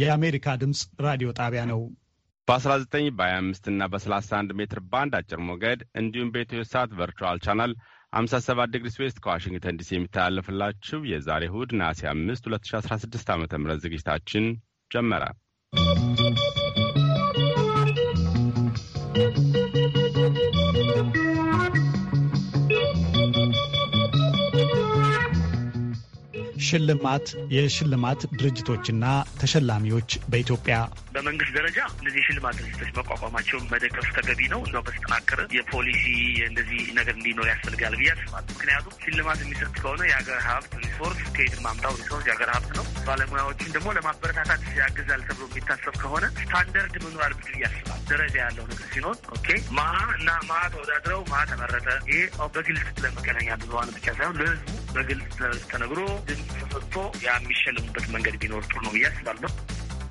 የአሜሪካ ድምፅ ራዲዮ ጣቢያ ነው። በ19 በ25 እና በ31 ሜትር ባንድ አጭር ሞገድ እንዲሁም በኢትዮ ሳት ቨርቹዋል ቻናል 57 ዲግሪ ስዌስት ከዋሽንግተን ዲሲ የሚተላለፍላችሁ የዛሬ እሁድ ነሐሴ 5 2016 ዓ ም ዝግጅታችን ጀመረ። ሽልማት የሽልማት ድርጅቶችና ተሸላሚዎች በኢትዮጵያ በመንግስት ደረጃ እነዚህ የሽልማት ድርጅቶች መቋቋማቸውን መደገፍ ተገቢ ነው። እዛው በተጠናከረ የፖሊሲ እንደዚህ ነገር እንዲኖር ያስፈልጋል ብዬ አስባለሁ። ምክንያቱም ሽልማት የሚሰጥ ከሆነ የሀገር ሀብት ሪሶርስ ከየት ማምጣው ሪሶርስ የሀገር ሀብት ነው። ባለሙያዎችን ደግሞ ለማበረታታት ያግዛል ተብሎ የሚታሰብ ከሆነ ስታንደርድ መኖር አለበት ብዬ አስባለሁ። ደረጃ ያለው ነገር ሲኖር ኦኬ ማ እና ማ ተወዳድረው ማ ተመረጠ ይሄ በግልጽ ለመገናኛ ብዙሀን ብቻ ሳይሆን ለህዝቡ በግልጽ ተነግሮ ድምፅ ተሰጥቶ የሚሸልሙበት መንገድ ቢኖር ጥሩ ነው ብዬ አስባለሁ።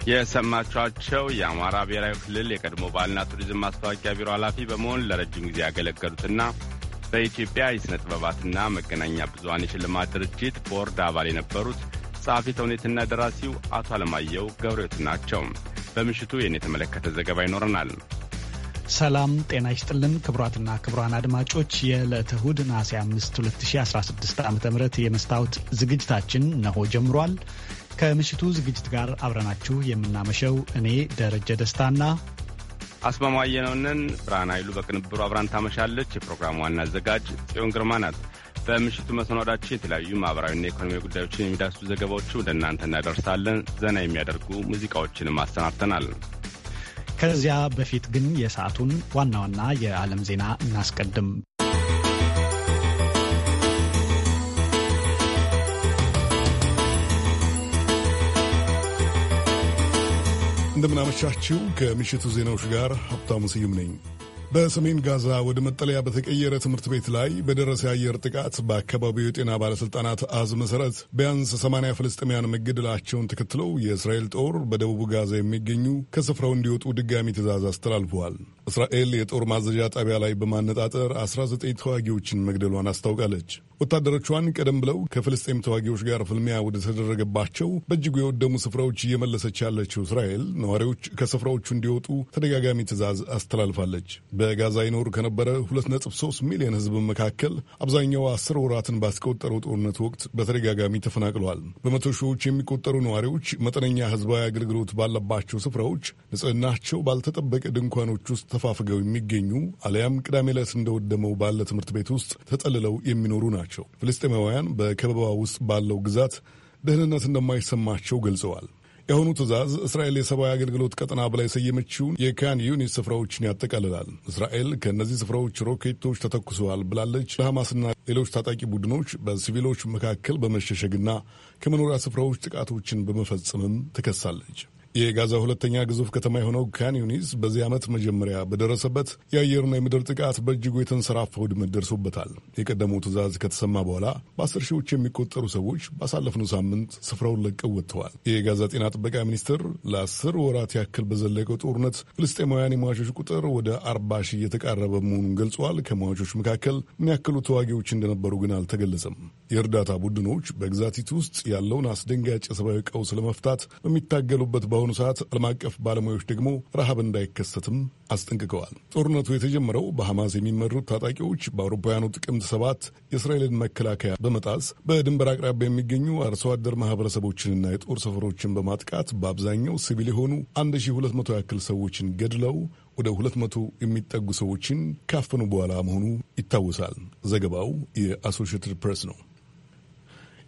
የሰማችኋቸው የአማራ ብሔራዊ ክልል የቀድሞ ባህልና ቱሪዝም ማስታወቂያ ቢሮ ኃላፊ በመሆን ለረጅም ጊዜ ያገለገሉትና በኢትዮጵያ የሥነ ጥበባትና መገናኛ ብዙሀን የሽልማት ድርጅት ቦርድ አባል የነበሩት ጸሐፊ ተውኔትና ደራሲው አቶ አለማየሁ ገብረሕይወት ናቸው። በምሽቱ ይህን የተመለከተ ዘገባ ይኖረናል። ሰላም ጤና ይስጥልን ክቡራትና ክቡራን አድማጮች የዕለተ እሁድ ነሐሴ 5 2016 ዓ ም የመስታወት ዝግጅታችን ነሆ ጀምሯል። ከምሽቱ ዝግጅት ጋር አብረናችሁ የምናመሸው እኔ ደረጀ ደስታና አስማማየ ነውነን ብርሃን ኃይሉ በቅንብሩ አብራን ታመሻለች። የፕሮግራሙ ዋና አዘጋጅ ጽዮን ግርማ ናት። በምሽቱ መሰናዷችን የተለያዩ ማህበራዊና ኢኮኖሚያዊ ጉዳዮችን የሚዳስሱ ዘገባዎችን ወደ እናንተ እናደርሳለን። ዘና የሚያደርጉ ሙዚቃዎችንም አሰናድተናል። ከዚያ በፊት ግን የሰዓቱን ዋና ዋና የዓለም ዜና እናስቀድም። እንደምናመቻችው ከምሽቱ ዜናዎች ጋር ሀብታሙ ስዩም ነኝ። በሰሜን ጋዛ ወደ መጠለያ በተቀየረ ትምህርት ቤት ላይ በደረሰ የአየር ጥቃት በአካባቢው የጤና ባለሥልጣናት አዝ መሠረት ቢያንስ ሰማንያ ፍልስጥሚያን መገደላቸውን ተከትለው የእስራኤል ጦር በደቡብ ጋዛ የሚገኙ ከስፍራው እንዲወጡ ድጋሚ ትእዛዝ አስተላልፈዋል። እስራኤል የጦር ማዘዣ ጣቢያ ላይ በማነጣጠር 19 ተዋጊዎችን መግደሏን አስታውቃለች። ወታደሮቿን ቀደም ብለው ከፍልስጤም ተዋጊዎች ጋር ፍልሚያ ወደ ተደረገባቸው በእጅጉ የወደሙ ስፍራዎች እየመለሰች ያለችው እስራኤል ነዋሪዎች ከስፍራዎቹ እንዲወጡ ተደጋጋሚ ትዕዛዝ አስተላልፋለች። በጋዛ ይኖር ከነበረ 2.3 ሚሊዮን ሕዝብ መካከል አብዛኛው አስር ወራትን ባስቆጠረው ጦርነት ወቅት በተደጋጋሚ ተፈናቅሏል። በመቶ ሺዎች የሚቆጠሩ ነዋሪዎች መጠነኛ ሕዝባዊ አገልግሎት ባለባቸው ስፍራዎች ንጽህናቸው ባልተጠበቀ ድንኳኖች ውስጥ ተፋፍገው የሚገኙ አሊያም ቅዳሜ ዕለት እንደወደመው ባለ ትምህርት ቤት ውስጥ ተጠልለው የሚኖሩ ናቸው። ፍልስጤማውያን በከበባ ውስጥ ባለው ግዛት ደህንነት እንደማይሰማቸው ገልጸዋል። የአሁኑ ትዕዛዝ እስራኤል የሰብአዊ አገልግሎት ቀጠና ብላ የሰየመችውን የካን ዩኒስ ስፍራዎችን ያጠቃልላል። እስራኤል ከእነዚህ ስፍራዎች ሮኬቶች ተተኩሰዋል ብላለች። ለሐማስና ሌሎች ታጣቂ ቡድኖች በሲቪሎች መካከል በመሸሸግና ከመኖሪያ ስፍራዎች ጥቃቶችን በመፈጸምም ትከሳለች። የጋዛ ሁለተኛ ግዙፍ ከተማ የሆነው ካን ዩኒስ በዚህ ዓመት መጀመሪያ በደረሰበት የአየርና የምድር ጥቃት በእጅጉ የተንሰራፈው ውድመት ደርሶበታል። የቀደመው ትዕዛዝ ከተሰማ በኋላ በአስር ሺዎች የሚቆጠሩ ሰዎች ባሳለፍነው ሳምንት ስፍራውን ለቀው ወጥተዋል። የጋዛ ጤና ጥበቃ ሚኒስቴር ለአስር ወራት ያክል በዘለቀው ጦርነት ፍልስጤማውያን የሟቾች ቁጥር ወደ አርባ ሺህ እየተቃረበ መሆኑን ገልጿል። ከሟቾች መካከል ምን ያክሉ ተዋጊዎች እንደነበሩ ግን አልተገለጸም። የእርዳታ ቡድኖች በግዛቲት ውስጥ ያለውን አስደንጋጭ የሰብአዊ ቀውስ ለመፍታት በሚታገሉበት በአሁኑ ሰዓት ዓለም አቀፍ ባለሙያዎች ደግሞ ረሃብ እንዳይከሰትም አስጠንቅቀዋል። ጦርነቱ የተጀመረው በሐማስ የሚመሩት ታጣቂዎች በአውሮፓውያኑ ጥቅምት ሰባት የእስራኤልን መከላከያ በመጣስ በድንበር አቅራቢያ የሚገኙ አርሶ አደር ማህበረሰቦችንና የጦር ሰፈሮችን በማጥቃት በአብዛኛው ሲቪል የሆኑ 1200 ያክል ሰዎችን ገድለው ወደ 200 የሚጠጉ ሰዎችን ካፈኑ በኋላ መሆኑ ይታወሳል። ዘገባው የአሶሽትድ ፕሬስ ነው።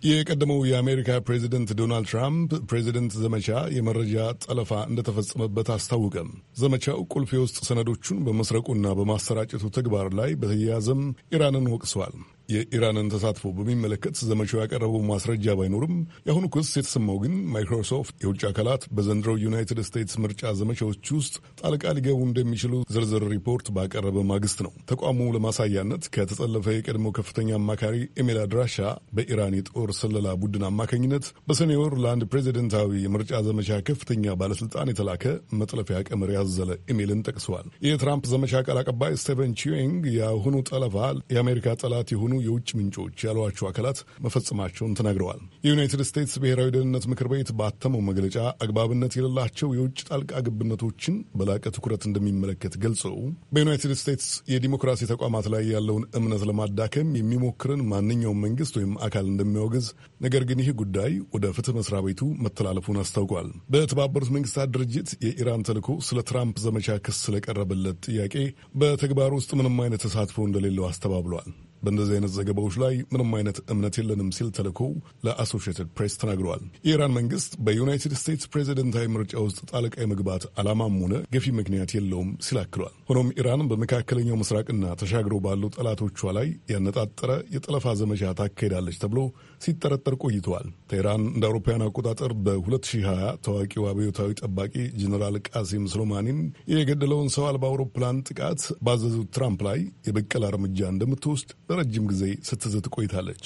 የቀደመው የአሜሪካ ፕሬዚደንት ዶናልድ ትራምፕ ፕሬዚደንት ዘመቻ የመረጃ ጠለፋ እንደተፈጸመበት አስታውቀም። ዘመቻው ቁልፍ የውስጥ ሰነዶቹን በመስረቁና በማሰራጨቱ ተግባር ላይ በተያያዘም ኢራንን ወቅሰዋል። የኢራንን ተሳትፎ በሚመለከት ዘመቻው ያቀረበው ማስረጃ ባይኖርም የአሁኑ ክስ የተሰማው ግን ማይክሮሶፍት የውጭ አካላት በዘንድሮው ዩናይትድ ስቴትስ ምርጫ ዘመቻዎች ውስጥ ጣልቃ ሊገቡ እንደሚችሉ ዝርዝር ሪፖርት ባቀረበ ማግስት ነው። ተቋሙ ለማሳያነት ከተጠለፈ የቀድሞ ከፍተኛ አማካሪ ኤሜል አድራሻ በኢራን የጦር ስለላ ቡድን አማካኝነት በሰኔ ወር ለአንድ ፕሬዚደንታዊ የምርጫ ዘመቻ ከፍተኛ ባለስልጣን የተላከ መጥለፊያ ቀመር ያዘለ ኢሜልን ጠቅሰዋል። የትራምፕ ዘመቻ ቃል አቀባይ ስቴቨን ቺዊንግ የአሁኑ ጠለፋ የአሜሪካ ጠላት የሆኑ የውጭ ምንጮች ያሏቸው አካላት መፈጸማቸውን ተናግረዋል። የዩናይትድ ስቴትስ ብሔራዊ ደህንነት ምክር ቤት ባተመው መግለጫ አግባብነት የሌላቸው የውጭ ጣልቃ ግብነቶችን በላቀ ትኩረት እንደሚመለከት ገልጸው በዩናይትድ ስቴትስ የዲሞክራሲ ተቋማት ላይ ያለውን እምነት ለማዳከም የሚሞክርን ማንኛውም መንግስት ወይም አካል እንደሚያወግዝ፣ ነገር ግን ይህ ጉዳይ ወደ ፍትህ መስሪያ ቤቱ መተላለፉን አስታውቋል። በተባበሩት መንግስታት ድርጅት የኢራን ተልዕኮ ስለ ትራምፕ ዘመቻ ክስ ስለቀረበለት ጥያቄ በተግባር ውስጥ ምንም አይነት ተሳትፎ እንደሌለው አስተባብሏል። በእንደዚህ አይነት ዘገባዎች ላይ ምንም አይነት እምነት የለንም ሲል ተልኮ ለአሶሽትድ ፕሬስ ተናግረዋል። የኢራን መንግስት በዩናይትድ ስቴትስ ፕሬዚደንታዊ ምርጫ ውስጥ ጣልቃ የመግባት ዓላማም ሆነ ገፊ ምክንያት የለውም ሲል አክሏል። ሆኖም ኢራን በመካከለኛው ምስራቅና ተሻግሮ ባሉ ጠላቶቿ ላይ ያነጣጠረ የጠለፋ ዘመቻ ታካሄዳለች ተብሎ ሲጠረጠር ቆይተዋል። ቴህራን እንደ አውሮፓውያን አቆጣጠር በ2020 ታዋቂው አብዮታዊ ጠባቂ ጀኔራል ቃሲም ሱሌማኒን የገደለውን ሰው አልባ አውሮፕላን ጥቃት ባዘዙት ትራምፕ ላይ የበቀል እርምጃ እንደምትወስድ ለረጅም ጊዜ ስትዝት ቆይታለች።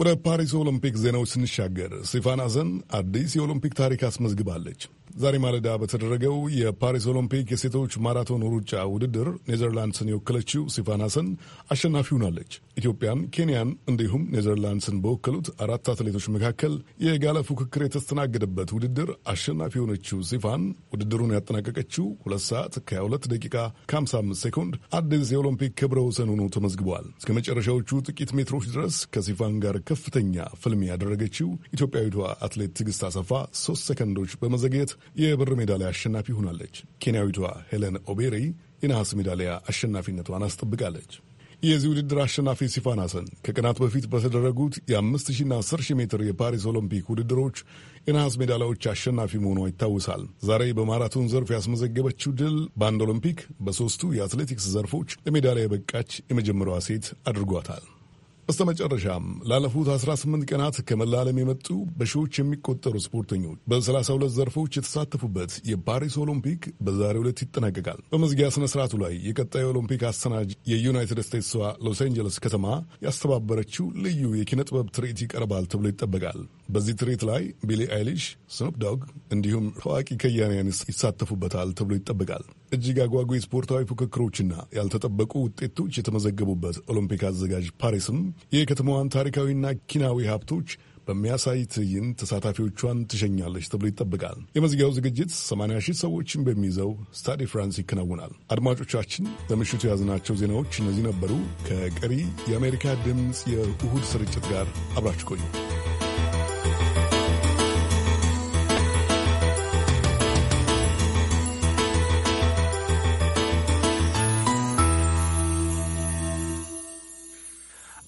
ወደ ፓሪስ ኦሎምፒክ ዜናዎች ስንሻገር ሲፋን አዘን አዲስ የኦሎምፒክ ታሪክ አስመዝግባለች። ዛሬ ማለዳ በተደረገው የፓሪስ ኦሎምፒክ የሴቶች ማራቶን ሩጫ ውድድር ኔዘርላንድስን የወከለችው ሲፋን ሀሰን አሸናፊ ሆናለች። ኢትዮጵያን፣ ኬንያን እንዲሁም ኔዘርላንድስን በወከሉት አራት አትሌቶች መካከል የጋለ ፉክክር የተስተናገደበት ውድድር አሸናፊ የሆነችው ሲፋን ውድድሩን ያጠናቀቀችው ሁለት ሰዓት ከ 2 ደቂቃ ከ55 ሴኮንድ አዲስ የኦሎምፒክ ክብረ ወሰን ሆኖ ተመዝግበዋል። እስከ መጨረሻዎቹ ጥቂት ሜትሮች ድረስ ከሲፋን ጋር ከፍተኛ ፍልሚያ ያደረገችው ኢትዮጵያዊቷ አትሌት ትግስት አሰፋ ሶስት ሰከንዶች በመዘግየት የብር ሜዳሊያ አሸናፊ ሆናለች። ኬንያዊቷ ሄለን ኦቤሬ የነሐስ ሜዳሊያ አሸናፊነቷን አስጠብቃለች። የዚህ ውድድር አሸናፊ ሲፋን ሐሰን ከቀናት በፊት በተደረጉት የ ሺና ና ሺህ ሜትር የፓሪስ ኦሎምፒክ ውድድሮች የነሐስ ሜዳሊያዎች አሸናፊ መሆኗ ይታወሳል። ዛሬ በማራቶን ዘርፍ ያስመዘገበችው ድል በአንድ ኦሎምፒክ በሦስቱ የአትሌቲክስ ዘርፎች ለሜዳሊያ የበቃች የመጀመሪያዋ ሴት አድርጓታል። በስተ መጨረሻም ላለፉት 18 ቀናት ከመላ ዓለም የመጡ በሺዎች የሚቆጠሩ ስፖርተኞች በ32 ዘርፎች የተሳተፉበት የፓሪስ ኦሎምፒክ በዛሬው ዕለት ይጠናቀቃል። በመዝጊያ ስነ ስርዓቱ ላይ የቀጣዩ ኦሎምፒክ አሰናጅ የዩናይትድ ስቴትስዋ ሎስ አንጀለስ ከተማ ያስተባበረችው ልዩ የኪነ ጥበብ ትርኢት ይቀርባል ተብሎ ይጠበቃል። በዚህ ትርኢት ላይ ቢሊ አይሊሽ፣ ስኖፕ ዶግ እንዲሁም ታዋቂ ከያንያን ይሳተፉበታል ተብሎ ይጠበቃል። እጅግ አጓጉ ስፖርታዊ ፉክክሮችና ያልተጠበቁ ውጤቶች የተመዘገቡበት ኦሎምፒክ አዘጋጅ ፓሪስም የከተማዋን ታሪካዊና ኪናዊ ሀብቶች በሚያሳይ ትዕይንት ተሳታፊዎቿን ትሸኛለች ተብሎ ይጠበቃል። የመዝጊያው ዝግጅት 80 ሺህ ሰዎችን በሚይዘው ስታዲ ፍራንስ ይከናውናል። አድማጮቻችን፣ ለምሽቱ የያዝናቸው ዜናዎች እነዚህ ነበሩ። ከቀሪ የአሜሪካ ድምፅ የእሁድ ስርጭት ጋር አብራችሁ ቆዩ።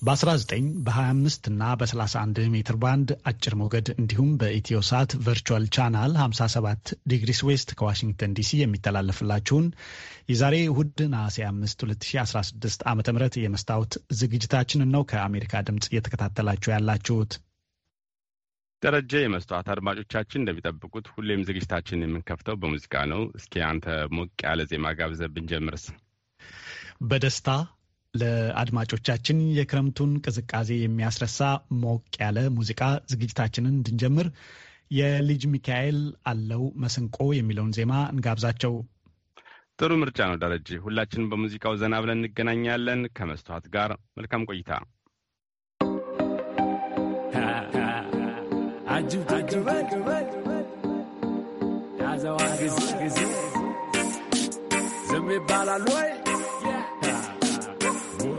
በ19 በ25 እና በ31 ሜትር ባንድ አጭር ሞገድ እንዲሁም በኢትዮሳት ቨርቹዋል ቻናል 57 ዲግሪስ ዌስት ከዋሽንግተን ዲሲ የሚተላለፍላችሁን የዛሬ እሁድ ነሐሴ 5 2016 ዓ ም የመስታወት ዝግጅታችንን ነው ከአሜሪካ ድምፅ እየተከታተላችሁ ያላችሁት። ደረጀ፣ የመስታወት አድማጮቻችን እንደሚጠብቁት ሁሌም ዝግጅታችን የምንከፍተው በሙዚቃ ነው። እስኪ አንተ ሞቅ ያለ ዜማ ጋብዘብን ጀምርስ። በደስታ ለአድማጮቻችን የክረምቱን ቅዝቃዜ የሚያስረሳ ሞቅ ያለ ሙዚቃ ዝግጅታችንን እንድንጀምር የልጅ ሚካኤል አለው መስንቆ የሚለውን ዜማ እንጋብዛቸው። ጥሩ ምርጫ ነው ደረጀ። ሁላችንም በሙዚቃው ዘና ብለን እንገናኛለን። ከመስተዋት ጋር መልካም ቆይታ። ዝም ይባላል ወይ?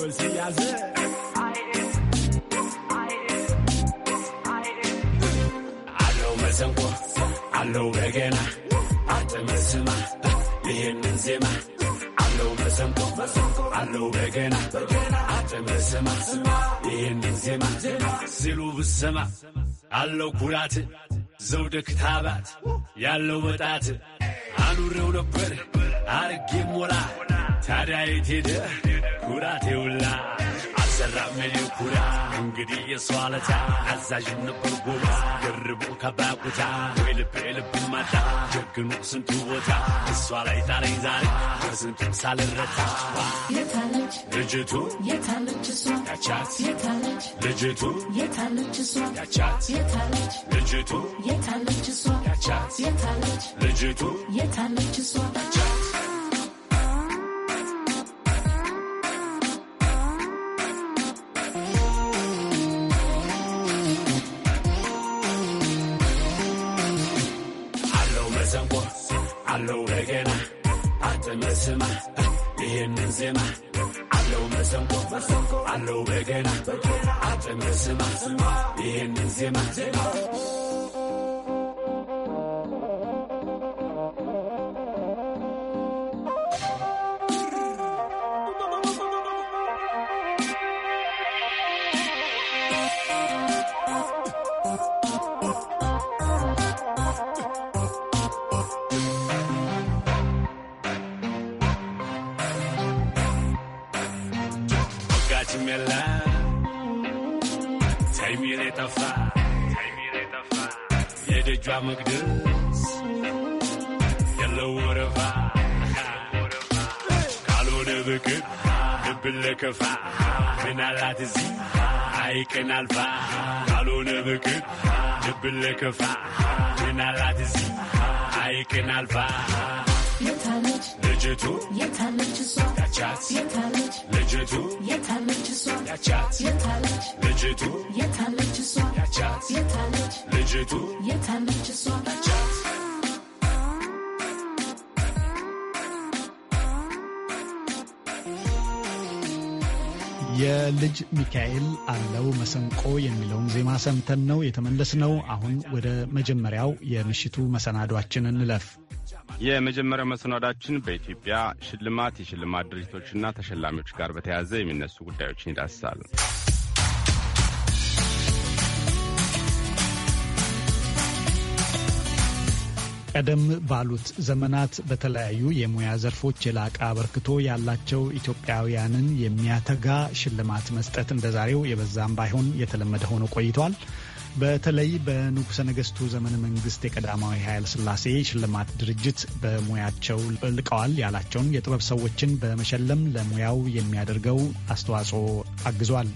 ሆኖ ሲያዘ አለው መሰንቆ አለው በገና አትመስማ ይህንን ዜማ አለው መሰንቆ አለው በገና አትመስማ ይህንን ዜማ ሲሉ ብሰማ አለው ኩራት ዘውደ ክታባት ያለው በጣት አኑሬው ነበር አርጌ ሞላ ታዲያ የት ሄደ ኩራቴ ውላ አልሰራም እኔው ኩራ እንግዲህ የሰው አለታ አዛዥ ነበር ጎባ ገርቡ ከባቁታ ወይ ልቤ ልብ ማታ ጀግኑ ስንቱ ቦታ እሷ ላይ ጣለኝ ዛሬ በስንቱ ሳልረታ የታለች ልጅቱ የታለች እሷ ያቻት የታለች ልጅቱ የታለች ያቻት ልጅቱ ያቻት ልጅቱ ያቻት ዜማ አለው መሰንቆ አለው በገና አጨምር ስማ ይህንን ዜማ በእጇ መቅደስ ያለው ወረፋ ካልሆነ በቅር ልብን ለከፋ ምናላት እዚህ አይቀን አልፋ ካልሆነ በቅር ልብን ለከፋ ምናላት እዚህ አይቀን አልፋ ልጅቱ የልጅ ሚካኤል አለው መሰንቆ የሚለውን ዜማ ሰምተን ነው የተመለስነው። አሁን ወደ መጀመሪያው የምሽቱ መሰናዷችን እንለፍ። የመጀመሪያው መሰናዳችን በኢትዮጵያ ሽልማት የሽልማት ድርጅቶችና ተሸላሚዎች ጋር በተያያዘ የሚነሱ ጉዳዮችን ይዳስሳል። ቀደም ባሉት ዘመናት በተለያዩ የሙያ ዘርፎች የላቀ አበርክቶ ያላቸው ኢትዮጵያውያንን የሚያተጋ ሽልማት መስጠት እንደዛሬው የበዛም ባይሆን የተለመደ ሆኖ ቆይቷል። በተለይ በንጉሠ ነገሥቱ ዘመነ መንግስት የቀዳማዊ ኃይለ ሥላሴ ሽልማት ድርጅት በሙያቸው ልቀዋል ያላቸውን የጥበብ ሰዎችን በመሸለም ለሙያው የሚያደርገው አስተዋጽኦ አግዟል።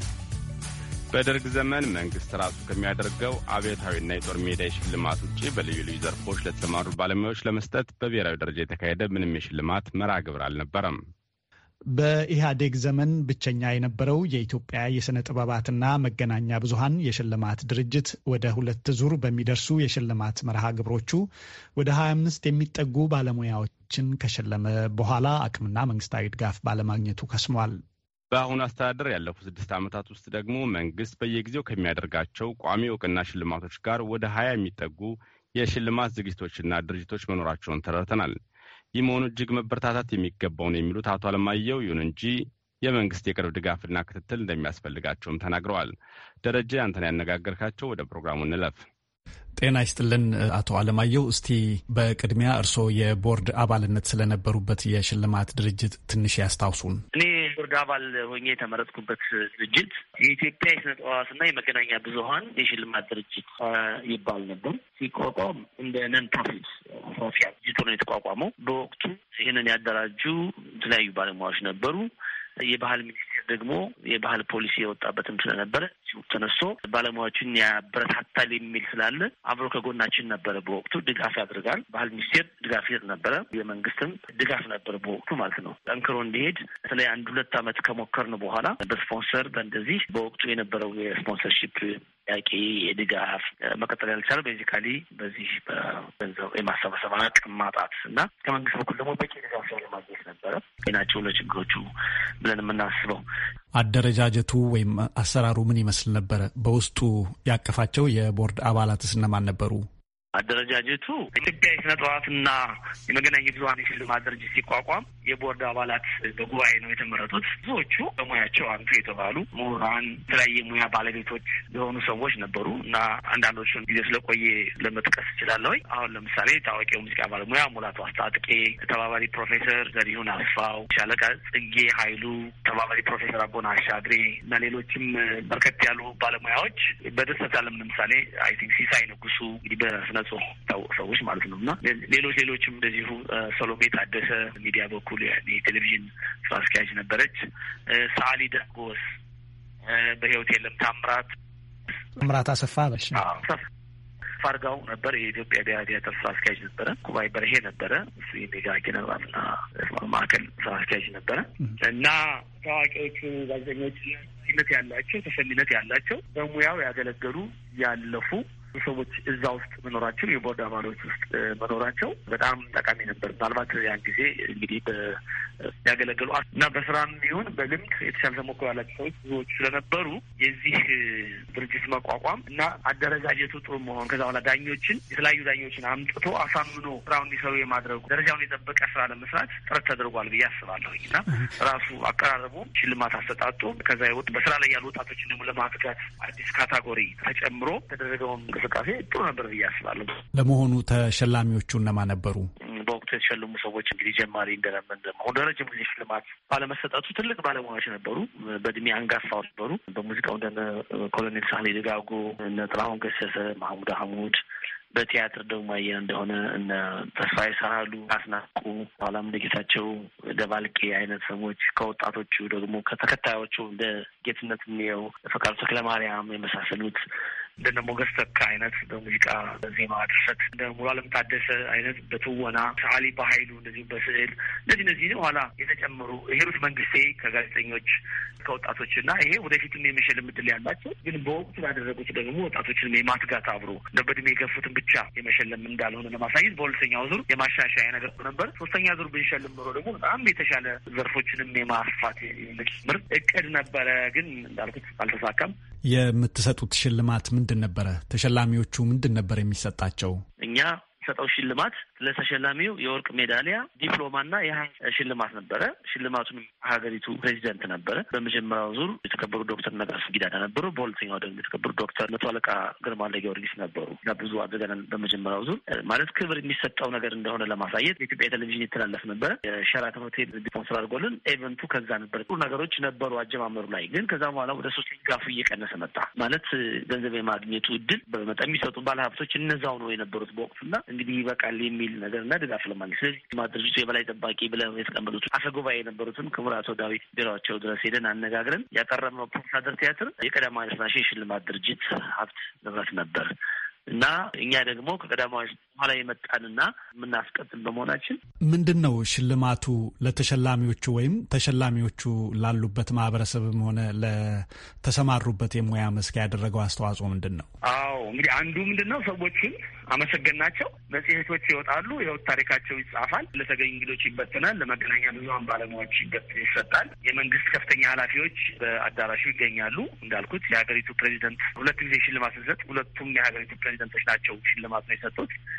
በደርግ ዘመን መንግስት ራሱ ከሚያደርገው አብዮታዊና የጦር ሜዳ የሽልማት ውጭ በልዩ ልዩ ዘርፎች ለተሰማሩ ባለሙያዎች ለመስጠት በብሔራዊ ደረጃ የተካሄደ ምንም የሽልማት መርሃ ግብር አልነበረም። በኢህአዴግ ዘመን ብቸኛ የነበረው የኢትዮጵያ የሥነ ጥበባትና መገናኛ ብዙሃን የሽልማት ድርጅት ወደ ሁለት ዙር በሚደርሱ የሽልማት መርሃ ግብሮቹ ወደ 25 የሚጠጉ ባለሙያዎችን ከሸለመ በኋላ አቅምና መንግስታዊ ድጋፍ ባለማግኘቱ ከስሟል። በአሁኑ አስተዳደር ያለፉት ስድስት ዓመታት ውስጥ ደግሞ መንግስት በየጊዜው ከሚያደርጋቸው ቋሚ እውቅና ሽልማቶች ጋር ወደ ሀያ የሚጠጉ የሽልማት ዝግጅቶችና ድርጅቶች መኖራቸውን ተረድተናል። ይህ መሆኑ እጅግ መበረታታት የሚገባው ነው የሚሉት አቶ አለማየሁ፣ ይሁን እንጂ የመንግስት የቅርብ ድጋፍና ክትትል እንደሚያስፈልጋቸውም ተናግረዋል። ደረጀ፣ አንተን ያነጋገርካቸው ወደ ፕሮግራሙ እንለፍ። ጤና ይስጥልን አቶ አለማየሁ። እስቲ በቅድሚያ እርስዎ የቦርድ አባልነት ስለነበሩበት የሽልማት ድርጅት ትንሽ ያስታውሱን። እኔ ቦርድ አባል ሆኜ የተመረጥኩበት ድርጅት የኢትዮጵያ የስነ ጠዋስና የመገናኛ ብዙሀን የሽልማት ድርጅት ይባል ነበር። ሲቋቋም እንደ ነን ፕሮፊት ሶፊያ ድርጅቱ ነው የተቋቋመው በወቅቱ ይህንን ያደራጁ የተለያዩ ባለሙያዎች ነበሩ። የባህል ሚኒስቴር ደግሞ የባህል ፖሊሲ የወጣበትም ስለነበረ ተነስቶ ባለሙያዎችን ያበረታታል የሚል ስላለ አብሮ ከጎናችን ነበረ። በወቅቱ ድጋፍ ያደርጋል። ባህል ሚኒስቴር ድጋፍ ይሰጥ ነበረ። የመንግስትም ድጋፍ ነበር በወቅቱ ማለት ነው። ጠንክሮ እንዲሄድ በተለይ አንድ ሁለት አመት ከሞከርን በኋላ በስፖንሰር በእንደዚህ በወቅቱ የነበረው የስፖንሰርሺፕ ጥያቄ የድጋፍ መቀጠል ያልቻለ ቤዚካሊ በዚህ በገንዘብ የማሰባሰብ አቅም ማጣት እና ከመንግስት በኩል ደግሞ በቂ ድጋፍ ያለማግኘት ነበረ ናቸው ለችግሮቹ ብለን የምናስበው አደረጃጀቱ ወይም አሰራሩ ምን ይመስል ነበረ? በውስጡ ያቀፋቸው የቦርድ አባላትስ እነማን ነበሩ? አደረጃጀቱ ኢትዮጵያ የስነ ጥበባትና የመገናኛ ብዙኃን የሽልማት ድርጅት ሲቋቋም የቦርድ አባላት በጉባኤ ነው የተመረጡት። ብዙዎቹ በሙያቸው አንቱ የተባሉ ምሁራን፣ የተለያየ ሙያ ባለቤቶች የሆኑ ሰዎች ነበሩ እና አንዳንዶቹን ጊዜ ስለቆየ ለመጥቀስ እችላለሁ። አሁን ለምሳሌ ታዋቂው ሙዚቃ ባለሙያ ሙላቱ አስታጥቄ፣ ተባባሪ ፕሮፌሰር ዘሪሁን አስፋው፣ ሻለቃ ጽጌ ኃይሉ፣ ተባባሪ ፕሮፌሰር አቦና አሻግሬ እና ሌሎችም በርከት ያሉ ባለሙያዎች በደስታ ዓለም ለምሳሌ አይ ቲንክ ሲሳይ ንጉሱ እንግዲህ በስነ አስተዋጽኦ ሰዎች ማለት ነው እና ሌሎች ሌሎችም እንደዚሁ ሰሎሜ ታደሰ ሚዲያ በኩል የቴሌቪዥን ስራ አስኪያጅ ነበረች። ሳሊ ደጎስ በህይወት የለም። ታምራት ታምራት አሰፋ በሽ ፋርጋው ነበር። የኢትዮጵያ ብሔራዊ ቲያትር ስራ አስኪያጅ ነበረ። ኩባይ በርሄ ነበረ። እሱ የሜጋ ኪነባና ማዕከል ስራ አስኪያጅ ነበረ እና ታዋቂዎቹ ጋዜጠኞች ነት ያላቸው ተሰሚነት ያላቸው በሙያው ያገለገሉ ያለፉ ሰዎች እዛ ውስጥ መኖራቸው የቦርድ አባሎች ውስጥ መኖራቸው በጣም ጠቃሚ ነበር። ምናልባት ያን ጊዜ እንግዲህ ያገለገሉ እና በስራም ይሁን በልምድ የተሻለ ተሞክሮ ያላቸው ሰዎች ብዙዎች ስለነበሩ የዚህ ድርጅት መቋቋም እና አደረጃጀቱ ጥሩ መሆን ከዛ በኋላ ዳኞችን የተለያዩ ዳኞችን አምጥቶ አሳምኖ ስራውን እንዲሰሩ የማድረጉ ደረጃውን የጠበቀ ስራ ለመስራት ጥረት ተደርጓል ብዬ አስባለሁ እና ራሱ አቀራረቡ ሽልማት አሰጣጡ ከዛ በስራ ላይ ያሉ ወጣቶችን ደግሞ ለማፍጋት አዲስ ካታጎሪ ተጨምሮ ተደረገውን እንቅስቃሴ ጥሩ ነበር ብዬ አስባለሁ። ለመሆኑ ተሸላሚዎቹ እነማን ነበሩ? በወቅቱ የተሸለሙ ሰዎች እንግዲህ ጀማሪ እንደለመን መሆን ለረጅም ጊዜ ሽልማት ባለመሰጠቱ ትልቅ ባለሙያዎች ነበሩ። በእድሜ አንጋፋው ነበሩ። በሙዚቃው እንደ ኮሎኔል ሳህሌ ደጋጎ፣ እነ ጥላሁን ገሰሰ፣ ማህሙድ አህሙድ በቲያትር ደግሞ አየን እንደሆነ እነ ተስፋዬ ሰራሉ፣ አስናቁ፣ ኋላም እንደ ጌታቸው ደባልቄ አይነት ሰዎች ከወጣቶቹ ደግሞ ከተከታዮቹ እንደ ጌትነት እንየው፣ ፈቃዱ ተክለማርያም የመሳሰሉት እንደነ ሞገስ ተካ አይነት በሙዚቃ በዜማ ድርሰት፣ እንደ ሙሉ አለም ታደሰ አይነት በትወና ሰዓሊ በሀይሉ እንደዚሁ በስዕል እንደዚህ እነዚህ ኋላ የተጨመሩ የሄሩት መንግስቴ ከጋዜጠኞች ከወጣቶች እና ይሄ ወደፊትም የመሸል እድል ያላቸው ግን በወቅቱ ላደረጉት ደግሞ ወጣቶችን የማትጋት አብሮ በእድሜ የገፉትን ብቻ የመሸለም እንዳልሆነ ለማሳየት በሁለተኛው ዙር የማሻሻያ ነገር ነበር። ሶስተኛ ዙር ብንሸልም ኖሮ ደግሞ በጣም የተሻለ ዘርፎችንም የማስፋት ምርት እቅድ ነበረ፣ ግን እንዳልኩት አልተሳካም። የምትሰጡት ሽልማት ምንድን ነበረ? ተሸላሚዎቹ ምንድን ነበር የሚሰጣቸው? እኛ ሰጠው ሽልማት ለተሸላሚው የወርቅ ሜዳሊያ ዲፕሎማና የሀይ ሽልማት ነበረ። ሽልማቱን ሀገሪቱ ፕሬዚደንት ነበረ። በመጀመሪያው ዙር የተከበሩ ዶክተር ነጋሶ ጊዳዳ ነበሩ። በሁለተኛው ደግሞ የተከበሩ ዶክተር መቶ አለቃ ግርማ ጊዮርጊስ ነበሩ እና ብዙ አድርገን በመጀመሪያው ዙር ማለት ክብር የሚሰጠው ነገር እንደሆነ ለማሳየት የኢትዮጵያ ቴሌቪዥን የተላለፍ ነበረ። የሸራተን ሆቴል ስፖንሰር አድርጎልን ኤቨንቱ ከዛ ነበረ። ጥሩ ነገሮች ነበሩ አጀማመሩ ላይ ግን ከዛ በኋላ ወደ ሶስት ጋፉ እየቀነሰ መጣ። ማለት ገንዘብ የማግኘቱ እድል በመጠን የሚሰጡ ባለሀብቶች እነዛው ነው የነበሩት በወቅቱ በወቅቱና እንግዲህ ይበቃል የሚ የሚል ነገር እና ድጋፍ ለማግኘት ስለዚህ ድርጅቱ የበላይ ጠባቂ ብለው የተቀመጡት አፈ ጉባኤ የነበሩትን ክቡር አቶ ዳዊት ቢሯቸው ድረስ ሄደን አነጋግረን ያቀረብነው ፕሮፌሰር ቲያትር የቀዳማዊ ኃይለ ሥላሴ ሽልማት ድርጅት ሀብት ንብረት ነበር እና እኛ ደግሞ ከቀዳማዊ ኋላ የመጣንና የምናስቀጥል በመሆናችን ምንድን ነው ሽልማቱ ለተሸላሚዎቹ ወይም ተሸላሚዎቹ ላሉበት ማህበረሰብም ሆነ ለተሰማሩበት የሙያ መስክ ያደረገው አስተዋጽኦ ምንድን ነው? አዎ እንግዲህ አንዱ ምንድን ነው ሰዎችን አመሰገናቸው። መጽሔቶች ይወጣሉ፣ የህይወት ታሪካቸው ይጻፋል፣ ለተገኙ እንግዶች ይበትናል፣ ለመገናኛ ብዙኃን ባለሙያዎች ይሰጣል። የመንግስት ከፍተኛ ኃላፊዎች በአዳራሹ ይገኛሉ። እንዳልኩት የሀገሪቱ ፕሬዚደንት ሁለት ጊዜ ሽልማት ስንሰጥ ሁለቱም የሀገሪቱ ፕሬዚደንቶች ናቸው ሽልማት ነው የሰጡት።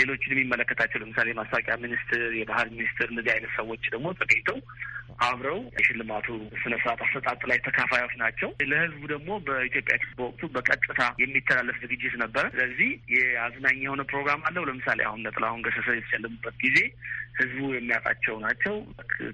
ሌሎችን የሚመለከታቸው ለምሳሌ የማስታወቂያ ሚኒስትር፣ የባህል ሚኒስትር እነዚህ አይነት ሰዎች ደግሞ ተገኝተው አብረው የሽልማቱ ስነ ስርዓት አሰጣጥ ላይ ተካፋዮች ናቸው። ለህዝቡ ደግሞ በኢትዮጵያ በወቅቱ በቀጥታ የሚተላለፍ ዝግጅት ነበረ። ስለዚህ የአዝናኝ የሆነ ፕሮግራም አለው። ለምሳሌ አሁን ጥላሁን ገሰሰ የተሸለሙበት ጊዜ ህዝቡ የሚያውቃቸው ናቸው።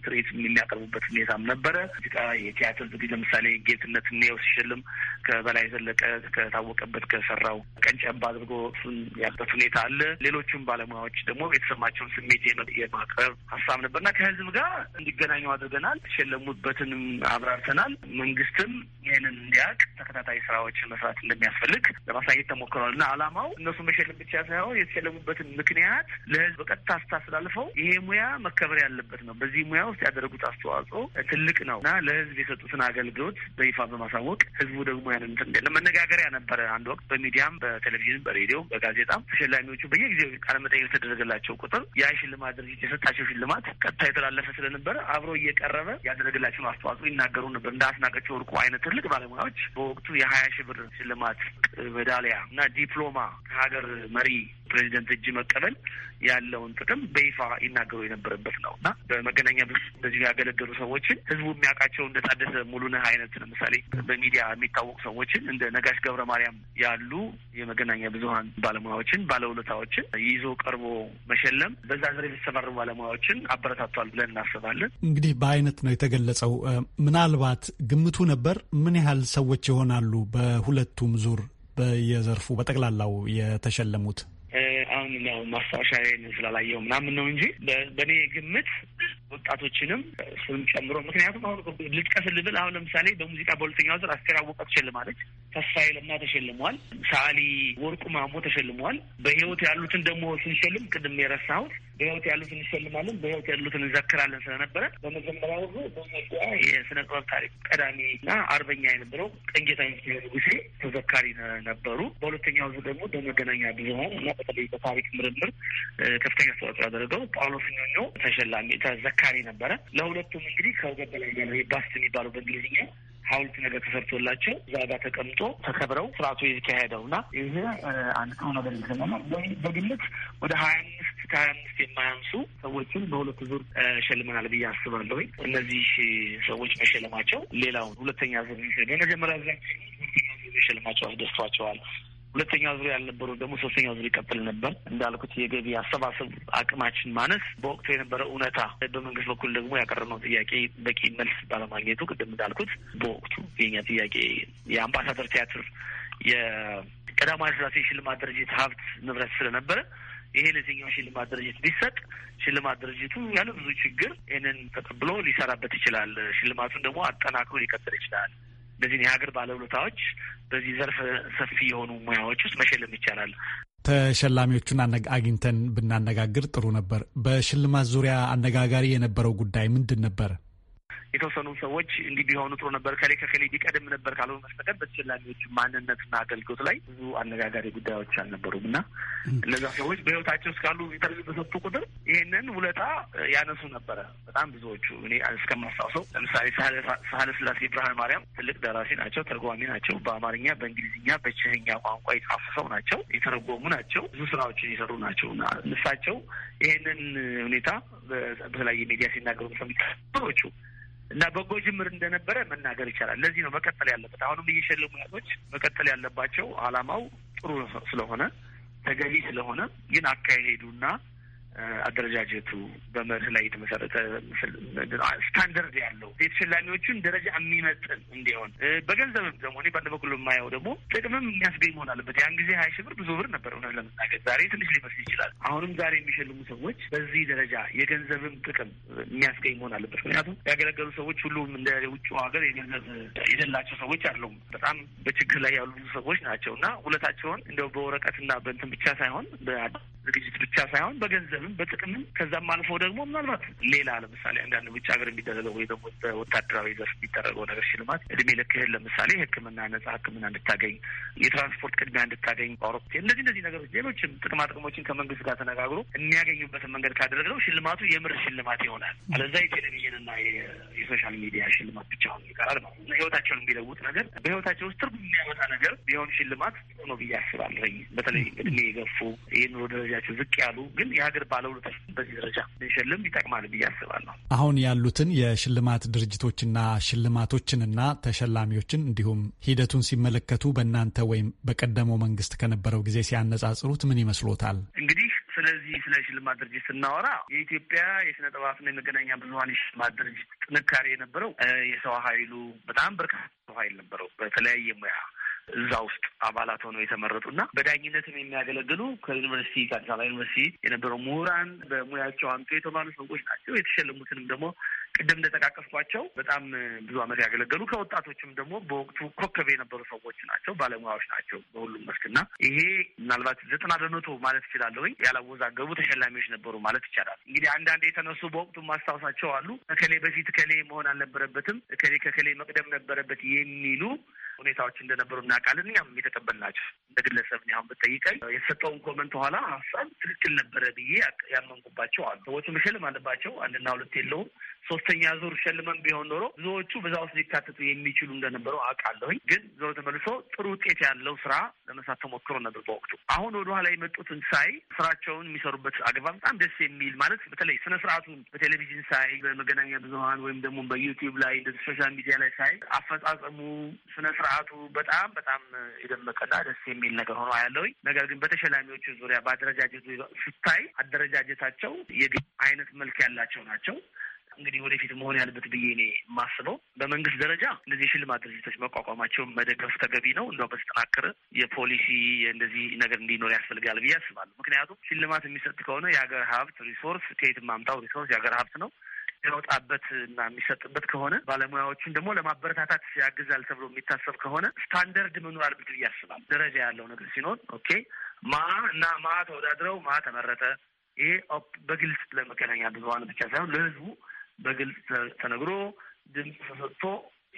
ትርኢት የሚያቀርቡበት ሁኔታም ነበረ። ሙዚቃ፣ የቲያትር ዝግጅት ለምሳሌ ጌትነት እንየው ሲሸልም ከበላይ ዘለቀ ከታወቀበት ከሰራው ቀንጨባ አድርጎ እሱን ያበት ሁኔታ አለ። ሌሎች ሌሎቹም ባለሙያዎች ደግሞ የተሰማቸውን ስሜት የማቅረብ ሀሳብ ነበርና ከህዝብ ጋር እንዲገናኙ አድርገናል። የተሸለሙበትንም አብራርተናል። መንግስትም ይህንን እንዲያውቅ ተከታታይ ስራዎችን መስራት እንደሚያስፈልግ ለማሳየት ተሞክሯል እና አላማው እነሱ መሸለም ብቻ ሳይሆን የተሸለሙበትን ምክንያት ለህዝብ በቀጥታ አስታስላልፈው ይሄ ሙያ መከበር ያለበት ነው፣ በዚህ ሙያ ውስጥ ያደረጉት አስተዋጽኦ ትልቅ ነው እና ለህዝብ የሰጡትን አገልግሎት በይፋ በማሳወቅ ህዝቡ ደግሞ ያንን መነጋገሪያ ነበረ። አንድ ወቅት በሚዲያም፣ በቴሌቪዥን፣ በሬዲዮ፣ በጋዜጣም ተሸላሚዎቹ በየጊዜው ቃለ መጠይቅ የተደረገላቸው ቁጥር ያ ሽልማት ድርጅት የሰጣቸው ሽልማት ቀጥታ የተላለፈ ስለነበረ አብሮ እየቀረበ ያደረገላቸውን አስተዋጽኦ ይናገሩ ነበር። እንደ አስናቀቸው ወርቁ አይነት ትልቅ ባለሙያዎች በወቅቱ የሀያ ሺህ ብር ሽልማት ሜዳሊያ እና ዲፕሎማ ከሀገር መሪ ፕሬዚደንት እጅ መቀበል ያለውን ጥቅም በይፋ ይናገሩ የነበረበት ነው እና በመገናኛ ብዙ እንደዚሁ ያገለገሉ ሰዎችን ህዝቡ የሚያውቃቸው እንደ ታደሰ ሙሉነህ አይነት ለምሳሌ በሚዲያ የሚታወቁ ሰዎችን እንደ ነጋሽ ገብረ ማርያም ያሉ የመገናኛ ብዙሀን ባለሙያዎችን ባለውለታዎችን ይዞ ቀርቦ መሸለም በዛ ዘር የተሰማሩ ባለሙያዎችን አበረታቷል ብለን እናስባለን። እንግዲህ በአይነት ነው የተገለጸው። ምናልባት ግምቱ ነበር ምን ያህል ሰዎች ይሆናሉ በሁለቱም ዙር በየዘርፉ በጠቅላላው የተሸለሙት? አሁን ያው ማስታወሻዬን ስላላየው ምናምን ነው እንጂ በእኔ ግምት ወጣቶችንም ስም ጨምሮ ምክንያቱም አሁን ልጥቀስ ልብል አሁን ለምሳሌ በሙዚቃ በሁለተኛ ወር አስቴር አወቀ ተሸልማለች። ተስፋዬ ለማ ተሸልሟል። ሰዓሊ ወርቁ ማሞ ተሸልሟል። በህይወት ያሉትን ደግሞ ስንሸልም ቅድም የረሳሁት በህይወት ያሉትን እንሸልማለን፣ በህይወት ያሉትን እንዘክራለን ስለነበረ በመጀመሪያ ወሩ የስነ ጥበብ ታሪክ ቀዳሚ እና አርበኛ የነበረው ቀንጌታ ንስሄሩ ጊዜ ተዘካሪ ነበሩ። በሁለተኛው ዙ ደግሞ በመገናኛ ብዙኃን እና በተለይ በታሪክ ምርምር ከፍተኛ አስተዋጽኦ ያደረገው ጳውሎስ ኞኞ ተሸላሚ ተዘካሪ ነበረ። ለሁለቱም እንግዲህ ከወገብ በላይ ያለው ባስት የሚባለው በእንግሊዝኛ ሐውልት ነገር ተሰርቶላቸው እዛ ጋር ተቀምጦ ተከብረው ስርዓቱ የተካሄደው እና ይህ አንድ ሰው ነገር ነው። በግምት ወደ ሀያ አምስት ከሀያ አምስት የማያንሱ ሰዎችን በሁለት ዙር ሸልመናል ብዬ አስባለሁ። እነዚህ ሰዎች መሸለማቸው ሌላውን ሁለተኛ ዙር የመጀመሪያ ዙር ሸልማቸው አስደስቷቸዋል። ሁለተኛ ዙር ያልነበሩ ደግሞ ሶስተኛ ዙር ይቀጥል ነበር። እንዳልኩት የገቢ አሰባሰብ አቅማችን ማነስ፣ በወቅቱ የነበረ እውነታ፣ በመንግስት በኩል ደግሞ ያቀረብነው ጥያቄ በቂ መልስ ባለማግኘቱ ቅድም እንዳልኩት በወቅቱ የኛ ጥያቄ የአምባሳደር ቲያትር የቀዳማዊ ስላሴ ሽልማት ድርጅት ሀብት ንብረት ስለነበረ ይሄ ለዚህኛው ሽልማት ድርጅት ቢሰጥ ሽልማት ድርጅቱ ያለ ብዙ ችግር ይህንን ተቀብሎ ሊሰራበት ይችላል። ሽልማቱን ደግሞ አጠናክሮ ሊቀጥል ይችላል እነዚህን የሀገር ባለውለታዎች በዚህ ዘርፍ ሰፊ የሆኑ ሙያዎች ውስጥ መሸለም ይቻላል። ተሸላሚዎቹን አግኝተን ብናነጋግር ጥሩ ነበር። በሽልማት ዙሪያ አነጋጋሪ የነበረው ጉዳይ ምንድን ነበር? የተወሰኑ ሰዎች እንዲህ ቢሆኑ ጥሩ ነበር፣ ከሌ ከከሌ ቢቀድም ነበር ካልሆኑ መስጠቀም በተሸላሚዎች ማንነትና አገልግሎት ላይ ብዙ አነጋጋሪ ጉዳዮች አልነበሩም እና እነዛ ሰዎች በህይወታቸው እስካሉ ኢንተርቪው በሰጡ ቁጥር ይህንን ውለታ ያነሱ ነበረ። በጣም ብዙዎቹ እኔ እስከማስታውሰው ለምሳሌ ሳህለ ስላሴ ብርሃነ ማርያም ትልቅ ደራሲ ናቸው፣ ተርጓሚ ናቸው። በአማርኛ በእንግሊዝኛ በችህኛ ቋንቋ የጻፉ ሰው ናቸው፣ የተረጎሙ ናቸው፣ ብዙ ስራዎችን የሰሩ ናቸው እና እሳቸው ይህንን ሁኔታ በተለያየ ሚዲያ ሲናገሩ ሰሚ እና በጎ ጅምር እንደነበረ መናገር ይቻላል። ለዚህ ነው መቀጠል ያለበት። አሁንም እየሸለሙ ያሎች መቀጠል ያለባቸው አላማው ጥሩ ስለሆነ ተገቢ ስለሆነ ግን አካሄዱና አደረጃጀቱ በመርህ ላይ የተመሰረተ ስታንደርድ ያለው የተሸላሚዎቹን ደረጃ የሚመጥን እንዲሆን በገንዘብም ደግሞ እኔ በአንድ በኩል የማየው ደግሞ ጥቅምም የሚያስገኝ መሆን አለበት። ያን ጊዜ ሀያ ሺህ ብር ብዙ ብር ነበር እውነት ለመናገር ዛሬ ትንሽ ሊመስል ይችላል። አሁንም ዛሬ የሚሸልሙ ሰዎች በዚህ ደረጃ የገንዘብም ጥቅም የሚያስገኝ መሆን አለበት። ምክንያቱም ያገለገሉ ሰዎች ሁሉም እንደ ውጭ ሀገር የገንዘብ የደላቸው ሰዎች አይደሉም። በጣም በችግር ላይ ያሉ ብዙ ሰዎች ናቸው እና ውለታቸውን እንደው በወረቀትና በእንትን ብቻ ሳይሆን ዝግጅት ብቻ ሳይሆን በገንዘብም በጥቅምም ከዛም አልፎ ደግሞ ምናልባት ሌላ ለምሳሌ አንዳንድ ውጭ ሀገር የሚደረገው ወይ ደግሞ ወታደራዊ ዘርፍ የሚደረገው ነገር ሽልማት እድሜ ልክህን ለምሳሌ ሕክምና ነጻ ሕክምና እንድታገኝ፣ የትራንስፖርት ቅድሚያ እንድታገኝ አውሮፕ እነዚህ እነዚህ ነገሮች ሌሎችም ጥቅማ ጥቅሞችን ከመንግስት ጋር ተነጋግሮ የሚያገኙበትን መንገድ ካደረግ ነው ሽልማቱ የምር ሽልማት ይሆናል። አለዛ የቴሌቪዥንና የሶሻል ሚዲያ ሽልማት ብቻ ሆኖ ይቀራል ማለት ነው። ህይወታቸውን የሚለውጥ ነገር በህይወታቸው ውስጥ ትርጉም የሚያወጣ ነገር ቢሆን ሽልማት ነው ብዬ አስባለሁ። በተለይ እድሜ የገፉ የኑሮ ደረጃ ደረጃቸው ዝቅ ያሉ ግን የሀገር ባለውለታ በዚህ ደረጃ ሸልም ይጠቅማል ብዬ አስባለሁ። አሁን ያሉትን የሽልማት ድርጅቶችና ሽልማቶችንና ተሸላሚዎችን እንዲሁም ሂደቱን ሲመለከቱ በእናንተ ወይም በቀደመው መንግስት ከነበረው ጊዜ ሲያነጻጽሩት ምን ይመስሎታል? እንግዲህ ስለዚህ ስለ ሽልማት ድርጅት ስናወራ የኢትዮጵያ የስነ ጥበባትና የመገናኛ ብዙሀን የሽልማት ድርጅት ጥንካሬ የነበረው የሰው ኃይሉ በጣም በርካታ ሰው ኃይል ነበረው በተለያየ ሙያ እዛ ውስጥ አባላት ሆነው የተመረጡ በዳኝነትም የሚያገለግሉ ከዩኒቨርሲቲ ከአዲስ አበባ ዩኒቨርሲቲ የነበረው ምሁራን በሙያቸው አንቱ የተባሉ ሰዎች ናቸው። የተሸለሙትንም ደግሞ ቅድም እንደጠቃቀስኳቸው በጣም ብዙ ዓመት ያገለገሉ ከወጣቶችም ደግሞ በወቅቱ ኮከብ የነበሩ ሰዎች ናቸው፣ ባለሙያዎች ናቸው በሁሉም መስክና ይሄ ምናልባት ዘጠና በመቶ ማለት ይችላለሁኝ ያላወዛገቡ ተሸላሚዎች ነበሩ ማለት ይቻላል። እንግዲህ አንዳንድ የተነሱ በወቅቱ ማስታወሳቸው አሉ እከሌ በፊት ከሌ መሆን አልነበረበትም፣ እከሌ ከከሌ መቅደም ነበረበት የሚሉ ሁኔታዎች እንደነበሩ እናውቃለን። እኛም የተቀበልናቸው እንደ ግለሰብ እኔ አሁን የተሰጠውን ኮመንት ኋላ ሀሳብ ትክክል ነበረ ብዬ ያመንኩባቸው አሉ። ሰዎቹ መሸለም አለባቸው። አንድና ሁለት የለውም። ሶስተኛ ዙር ሸልመን ቢሆን ኖሮ ብዙዎቹ በዛ ውስጥ ሊካተቱ የሚችሉ እንደነበረው አውቃለሁኝ። ግን ዞሮ ተመልሶ ጥሩ ውጤት ያለው ስራ ለመስራት ተሞክሮ ነበር በወቅቱ። አሁን ወደ ኋላ የመጡትን ሳይ ስራቸውን የሚሰሩበት አግባብ በጣም ደስ የሚል ማለት በተለይ ስነ ስርዓቱን በቴሌቪዥን ሳይ፣ በመገናኛ ብዙሀን ወይም ደግሞ በዩቲዩብ ላይ እንደዚህ ሶሻል ሚዲያ ላይ ሳይ አፈጻጸሙ ስነ ስርዓቱ በጣም በጣም የደመቀና ደስ የሚል ነገር ሆኖ ያለውኝ። ነገር ግን በተሸላሚዎቹ ዙሪያ በአደረጃጀቱ ስታይ አደረጃጀታቸው የግ አይነት መልክ ያላቸው ናቸው። እንግዲህ ወደፊት መሆን ያለበት ብዬ እኔ ማስበው በመንግስት ደረጃ እንደዚህ የሽልማት ድርጅቶች መቋቋማቸውን መደገፍ ተገቢ ነው። እንደው በተጠናከረ የፖሊሲ እንደዚህ ነገር እንዲኖር ያስፈልጋል ብዬ አስባለሁ። ምክንያቱም ሽልማት የሚሰጥ ከሆነ የሀገር ሀብት ሪሶርስ ከየት ማምጣው ሪሶርስ የሀገር ሀብት ነው የሚወጣበት እና የሚሰጥበት ከሆነ ባለሙያዎቹን ደግሞ ለማበረታታት ያግዛል ተብሎ የሚታሰብ ከሆነ ስታንደርድ መኖር አለበት ብዬ አስባለሁ። ደረጃ ያለው ነገር ሲኖር ኦኬ ማ እና ማ ተወዳድረው ማ ተመረጠ። ይሄ በግልጽ ለመገናኛ ብዙሀን ብቻ ሳይሆን ለህዝቡ በግልጽ ተነግሮ ድምፅ ተሰጥቶ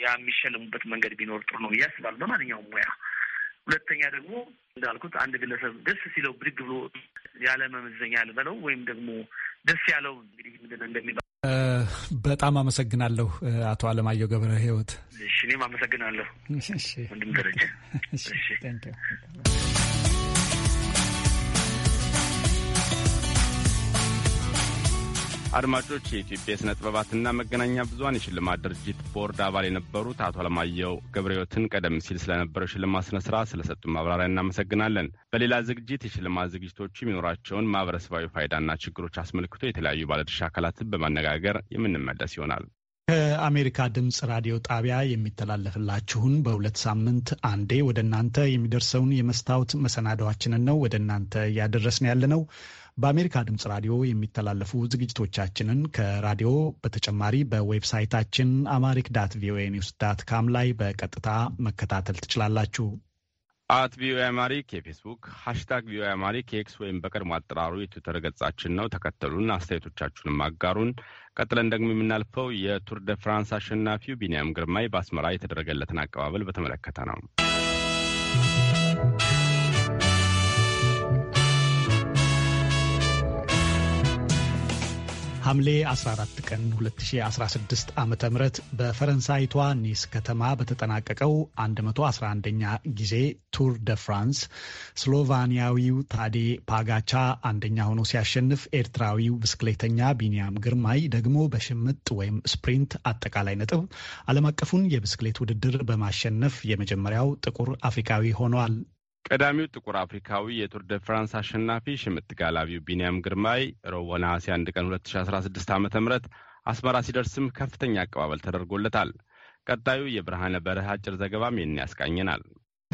ያ የሚሸለሙበት መንገድ ቢኖር ጥሩ ነው ብዬ አስባለሁ። በማንኛውም ሙያ ሁለተኛ ደግሞ እንዳልኩት አንድ ግለሰብ ደስ ሲለው ብድግ ብሎ ያለ መመዘኛ ልበለው ወይም ደግሞ ደስ ያለው እንግዲህ ምንድን እንደሚባል በጣም አመሰግናለሁ አቶ አለማየሁ ገብረ ህይወት እኔም አመሰግናለሁ ወንድም ደረጃ። አድማጮች የኢትዮጵያ የሥነ ጥበባትና መገናኛ ብዙሀን የሽልማት ድርጅት ቦርድ አባል የነበሩት አቶ አለማየሁ ገብረሕይወትን ቀደም ሲል ስለነበረው ሽልማት ስነ ስርዓት ስለሰጡ ማብራሪያ እናመሰግናለን። በሌላ ዝግጅት የሽልማት ዝግጅቶቹ የሚኖራቸውን ማህበረሰባዊ ፋይዳና ችግሮች አስመልክቶ የተለያዩ ባለድርሻ አካላትን በማነጋገር የምንመለስ ይሆናል። ከአሜሪካ ድምፅ ራዲዮ ጣቢያ የሚተላለፍላችሁን በሁለት ሳምንት አንዴ ወደ እናንተ የሚደርሰውን የመስታወት መሰናዶዋችንን ነው ወደ እናንተ እያደረስን ያለ ነው። በአሜሪካ ድምጽ ራዲዮ የሚተላለፉ ዝግጅቶቻችንን ከራዲዮ በተጨማሪ በዌብሳይታችን አማሪክ ዳት ቪኦኤ ኒውስ ዳት ካም ላይ በቀጥታ መከታተል ትችላላችሁ። አት ቪኦኤ አማሪክ የፌስቡክ ሃሽታግ ቪኦኤ አማሪክ የኤክስ ወይም በቀድሞ አጠራሩ የትዊተር ገጻችን ነው። ተከተሉን፣ አስተያየቶቻችሁንም አጋሩን። ቀጥለን ደግሞ የምናልፈው የቱር ደ ፍራንስ አሸናፊው ቢንያም ግርማይ በአስመራ የተደረገለትን አቀባበል በተመለከተ ነው። ሐምሌ 14 ቀን 2016 ዓ ም በፈረንሳይቷ ኒስ ከተማ በተጠናቀቀው 111ኛ ጊዜ ቱር ደ ፍራንስ ስሎቫኒያዊው ታዴ ፓጋቻ አንደኛ ሆኖ ሲያሸንፍ፣ ኤርትራዊው ብስክሌተኛ ቢንያም ግርማይ ደግሞ በሽምጥ ወይም ስፕሪንት አጠቃላይ ነጥብ ዓለም አቀፉን የብስክሌት ውድድር በማሸነፍ የመጀመሪያው ጥቁር አፍሪካዊ ሆኗል። ቀዳሚው ጥቁር አፍሪካዊ የቱር ደ ፍራንስ አሸናፊ ሽምጥ ጋላቢው ቢንያም ግርማይ ረቡዕ ነሐሴ 1 ቀን 2016 ዓ ም አስመራ ሲደርስም ከፍተኛ አቀባበል ተደርጎለታል። ቀጣዩ የብርሃነ በረሃ አጭር ዘገባም ይህን ያስቃኘናል።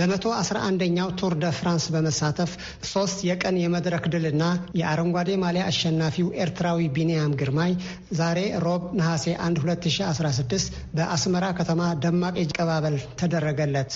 በመቶ አስራ አንደኛው ቱር ደ ፍራንስ በመሳተፍ ሶስት የቀን የመድረክ ድልና የአረንጓዴ ማሊያ አሸናፊው ኤርትራዊ ቢንያም ግርማይ ዛሬ ሮብ ነሐሴ 1 2016 በአስመራ ከተማ ደማቅ አቀባበል ተደረገለት።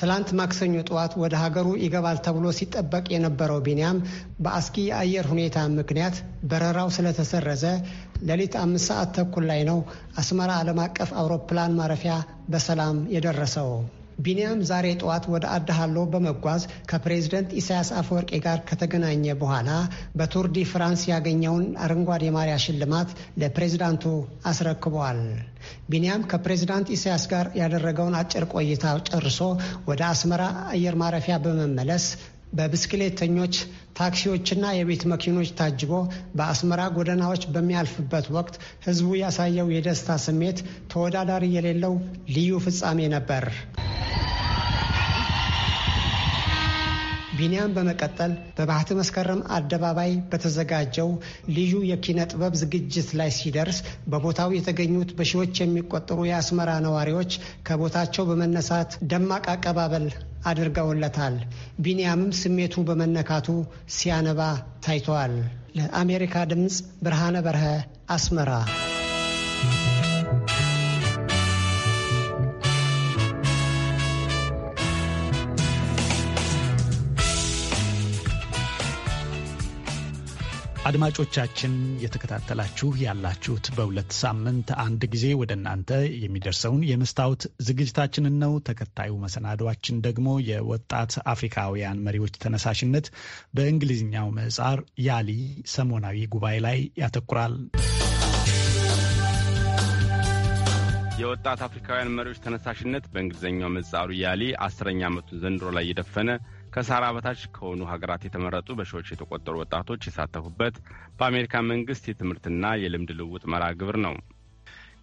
ትላንት ማክሰኞ ጠዋት ወደ ሀገሩ ይገባል ተብሎ ሲጠበቅ የነበረው ቢንያም በአስጊ የአየር ሁኔታ ምክንያት በረራው ስለተሰረዘ ሌሊት አምስት ሰዓት ተኩል ላይ ነው አስመራ ዓለም አቀፍ አውሮፕላን ማረፊያ በሰላም የደረሰው። ቢንያም ዛሬ ጠዋት ወደ አድሃሎ በመጓዝ ከፕሬዝደንት ኢሳያስ አፈወርቄ ጋር ከተገናኘ በኋላ በቱር ዲ ፍራንስ ያገኘውን አረንጓዴ ማሪያ ሽልማት ለፕሬዝዳንቱ አስረክበዋል። ቢንያም ከፕሬዝዳንት ኢሳያስ ጋር ያደረገውን አጭር ቆይታ ጨርሶ ወደ አስመራ አየር ማረፊያ በመመለስ በብስክሌተኞች ታክሲዎችና የቤት መኪኖች ታጅቦ በአስመራ ጎዳናዎች በሚያልፍበት ወቅት ሕዝቡ ያሳየው የደስታ ስሜት ተወዳዳሪ የሌለው ልዩ ፍጻሜ ነበር። ቢኒያም በመቀጠል በባህተ መስከረም አደባባይ በተዘጋጀው ልዩ የኪነ ጥበብ ዝግጅት ላይ ሲደርስ በቦታው የተገኙት በሺዎች የሚቆጠሩ የአስመራ ነዋሪዎች ከቦታቸው በመነሳት ደማቅ አቀባበል አድርገውለታል። ቢኒያምም ስሜቱ በመነካቱ ሲያነባ ታይተዋል። ለአሜሪካ ድምፅ ብርሃነ በርሀ አስመራ አድማጮቻችን የተከታተላችሁ ያላችሁት በሁለት ሳምንት አንድ ጊዜ ወደ እናንተ የሚደርሰውን የመስታወት ዝግጅታችንን ነው። ተከታዩ መሰናዷችን ደግሞ የወጣት አፍሪካውያን መሪዎች ተነሳሽነት በእንግሊዝኛው ምህጻር ያሊ ሰሞናዊ ጉባኤ ላይ ያተኩራል። የወጣት አፍሪካውያን መሪዎች ተነሳሽነት በእንግሊዝኛው ምህጻሩ ያሊ አስረኛ ዓመቱን ዘንድሮ ላይ የደፈነ ከሳህራ በታች ከሆኑ ሀገራት የተመረጡ በሺዎች የተቆጠሩ ወጣቶች የሳተፉበት በአሜሪካ መንግስት የትምህርትና የልምድ ልውውጥ መርሃ ግብር ነው።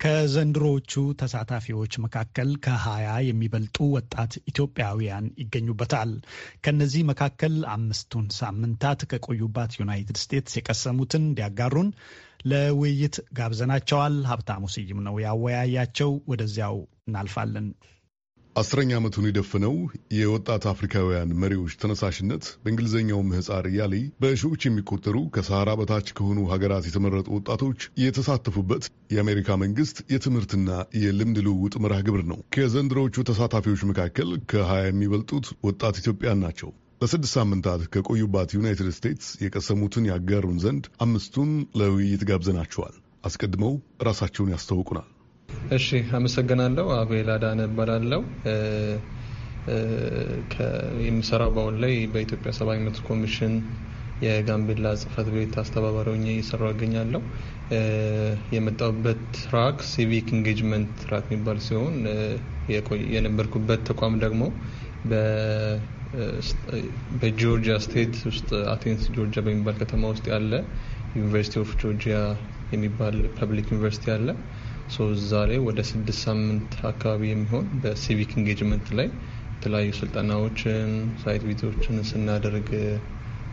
ከዘንድሮዎቹ ተሳታፊዎች መካከል ከሀያ የሚበልጡ ወጣት ኢትዮጵያውያን ይገኙበታል። ከነዚህ መካከል አምስቱን ሳምንታት ከቆዩባት ዩናይትድ ስቴትስ የቀሰሙትን እንዲያጋሩን ለውይይት ጋብዘናቸዋል። ሀብታሙ ስይም ነው ያወያያቸው። ወደዚያው እናልፋለን። አስረኛ ዓመቱን የደፈነው የወጣት አፍሪካውያን መሪዎች ተነሳሽነት በእንግሊዝኛው ምህፃር ያሌ በሺዎች የሚቆጠሩ ከሰሃራ በታች ከሆኑ ሀገራት የተመረጡ ወጣቶች የተሳተፉበት የአሜሪካ መንግስት የትምህርትና የልምድ ልውውጥ መርሃ ግብር ነው። ከዘንድሮዎቹ ተሳታፊዎች መካከል ከሀያ የሚበልጡት ወጣት ኢትዮጵያን ናቸው። ለስድስት ሳምንታት ከቆዩባት ዩናይትድ ስቴትስ የቀሰሙትን ያጋሩን ዘንድ አምስቱን ለውይይት ጋብዘናቸዋል። አስቀድመው ራሳቸውን ያስታውቁናል። እሺ አመሰግናለሁ። አቤል አዳነ እባላለሁ። የምሰራው በአሁን ላይ በኢትዮጵያ ሰብአዊ መብት ኮሚሽን የጋምቤላ ጽህፈት ቤት አስተባባሪ ሆኜ እየሰራሁ እገኛለሁ። የመጣሁበት ትራክ ሲቪክ ኢንጌጅመንት ትራክ የሚባል ሲሆን የነበርኩበት ተቋም ደግሞ በጆርጂያ ስቴት ውስጥ አቴንስ ጆርጂያ በሚባል ከተማ ውስጥ ያለ ዩኒቨርሲቲ ኦፍ ጆርጂያ የሚባል ፐብሊክ ዩኒቨርሲቲ አለ። እዛ ላይ ወደ ስድስት ሳምንት አካባቢ የሚሆን በሲቪክ ኢንጌጅመንት ላይ የተለያዩ ስልጠናዎችን ሳይት ቪዚቶችን ስናደርግ